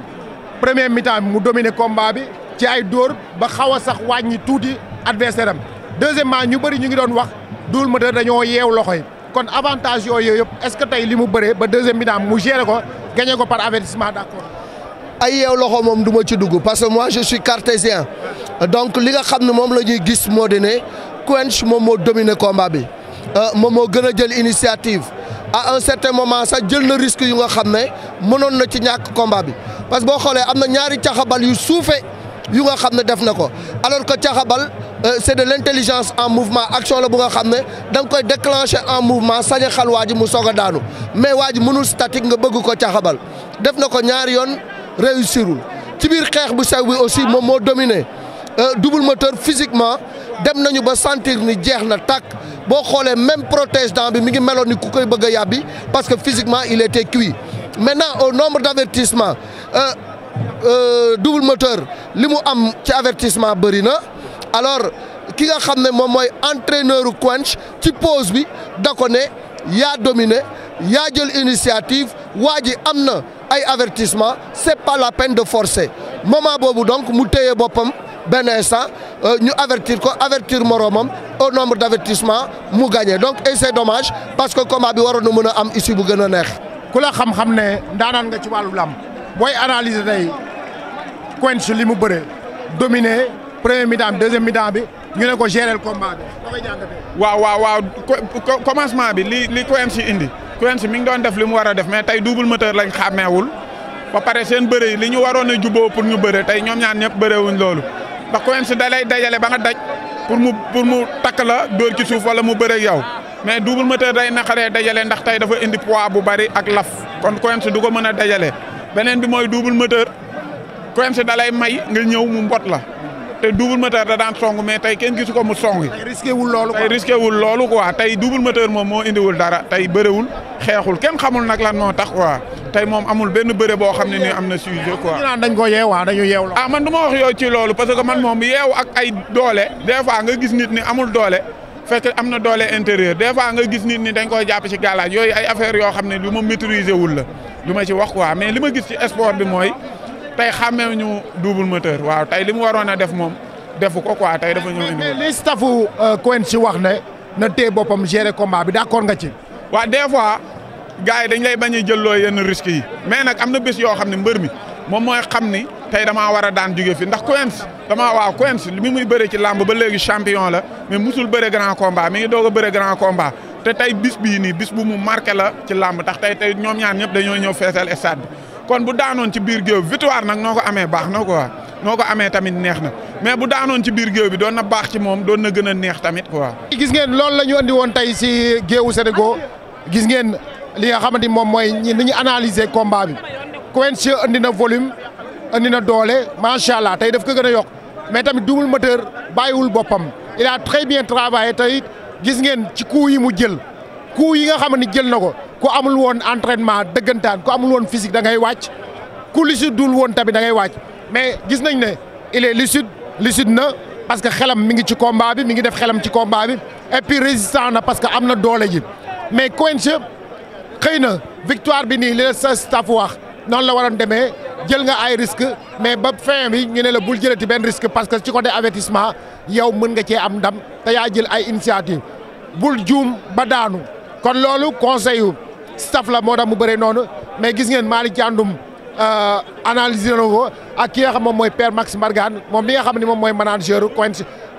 premier mi-temps mu dominé combat bi ci ay dóor ba xaw a sax wàññi tuuti adversaire am deuxièmement ñu bëri ñu ngi doon wax Double Moteur dañoo yeew loxo yi kon avantage yooyu yëpp est-ce que tey li mu bëree ba deuxième mi-temps mu géré ko gagné ko par avertissement d'accord ay yeew loxo moom du ma ci dugg parce que moi je suis cartésien donc li nga xam ne moom la ñuy gis moo di ne Quench moom moo dominé combat bi euh, moom moo gën a jël initiative à un certain moment sax jël na risque yu nga xam ne mënoon na ci ñàkk combat bi parce que boo xoolee am na ñaari caxabal yu suufee yu nga xam ne def na ko alors que caxabal euh, c'est de l'intelligence en mouvement action la bu nga xam ne da koy déclencher en mouvement sañ a xal waa ji mu soog a daanu mais waa mënul statique nga bëgg ko caxabal def na ko ñaari yoon. réussirul ci biir xeex bu sew bi aussi moom moo dominé euh, double moteur physiquement dem nañu ba sentir ni jeex na tàkk boo xoolee même protège dent bi mi ngi meloon ni ku koy bëgg a yàbbi parce que physiquement il était cuit maintenant au nombre d' avertissement euh, euh, double moteur li mu am ci avertissement bëri na alors ki nga xam ne moom mooy entraîneur Quench ci pause bi da ko yaa dominé yaa jël initiative waa ji am na ay avertissement c'est pa la peine de forcer moment boobu donc mu téye boppam benn instant euh, ñu avertir ko avertir moroomam au nombre d'avertissement mu gagné donc et c'est dommage parce que combat bi waroon na mën a am issue bu gën a neex. ku la xam-xam ne ndaanaan nga ci wàllu làmb booy analyser tey Quench li mu bëre dominé premier mi-temps deuxième mi bi ñu ne ko gérer combat bi. waaw waaw waaw commencement bi li li indi. Quench mi ngi doon def li mu war a def mais tey double moteur lañ xàmmeewul ba pare seen bëre yi li ñu waroon a juboo pour ñu bëre tey ñoom ñaan ñëpp bërewuñ loolu ndax Quench da lay dajale ba nga daj pour mu pour mu takk la dóor ci suuf wala mu bëre yow mais double moteur day naqaree dajale ndax tey dafa indi poids bu bari ak laf kon Quench du ko mën a dajale beneen bi mooy double moteur Quench da lay may nga ñëw mu mbot la te double moteur da daan song mais tey kenn gisu ko mu songi. tey risqué wul loolu quoi tey risqué wul loolu quoi tey double moteur moom moo indiwul dara tey bëriwul xeexul kenn xamul nag lan moo tax quoi tey moom amul benn bëre boo xam ne ni am na sujet quoi. dañ ko waa ah, dañu yeew ah man du ma wax yow ci loolu parce que man moom yeew ak ay doole des fois nga gis nit ni amul doole. fekk am na doole intérieur des fois nga gis nit ñi dañ ko jàpp ci gàllaaj yooyu ay affaire yoo xam ne lu ma maîtriser wul la lu ma ci wax quoi mais li ma gis ci sport bi mooy tey xàmmeewuñu double moteur waaw tey li mu waroon a def moom defu ko quoi tey dafa ñëw indi. mais li staffu Quench euh, ci wax ne na téye boppam gérer combat bi d'accord nga ci. waa des fois gars yi dañ lay bañ a jëlloo yenn risques yi mais nag am na bés yoo xam ne mbër mi moom mooy xam ni tey damaa war a daan jóge fi ndax Quench damaa waaw Quench li muy bëre ci làmb ba léegi champion la mais musul bëre grand combat mi ngi doog a bëre grand combat te tey bis bii nii bis bu mu marqué la ci làmb tax tey tey ñoom ñaar ñëpp dañoo ñëw feesal stade kon bu daanoon ci biir géew victoire nag noo ko amee baax na quoi noo ko amee tamit neex na mais bu daanoon ci biir géew bi doon na baax ci moom doon na gën a neex tamit quoi. gis ngeen loolu la ñu andi woon tey si géewu ko gis ngeen li nga xamante ni moom mooy ni ñu analyser combat bi Quench andi na volume andi na doole macha allah tey daf ko gën a yokk mais tamit double moteur bàyyiwul boppam il a très bien travaillé tey gis ngeen ci coup yi mu jël coup yi nga xam ne jël na ko. ku amul woon entraînement dëggantaan ku amul woon physique da ngay wàcc ku lucide woon tamit dangay ngay wàcc mais gis nañ ne il est lucide na parce que xelam mi ngi ci combat bi mi ngi def xelam ci combat bi et puis na parce que am na doole ji mais Quench xëy na victoire bi nii li la sa staff wax noonu la waroon demee jël nga ay risque mais ba fin bi ñu ne la bul jëlati benn risque parce que ci côté avertissement yow mën nga cee am ndam te yaa jël ay initiative bul juum ba daanu kon loolu conseil yu staff la moo tax mu bëree noonu mais gis ngeen Malick Thiandoum euh, analyser na ko ak ki moom mooy père Max Mbargane moom mi nga xam ne moom mooy manager kon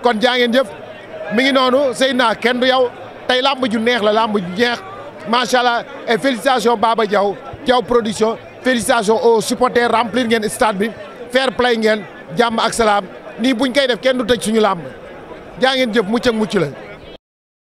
kon jaa ngeen jëf mi ngi noonu sey naa kenn du yow tey làmb ju neex la làmb ju neex macha allah et félicitations Baba Diaw Diaw production félicitations aux supporters remplir ngeen stade bi fair play ngeen jàmm ak salaam nii buñ koy def kenn du tëj suñu làmb jaa ngeen jëf mucc ak mucc la.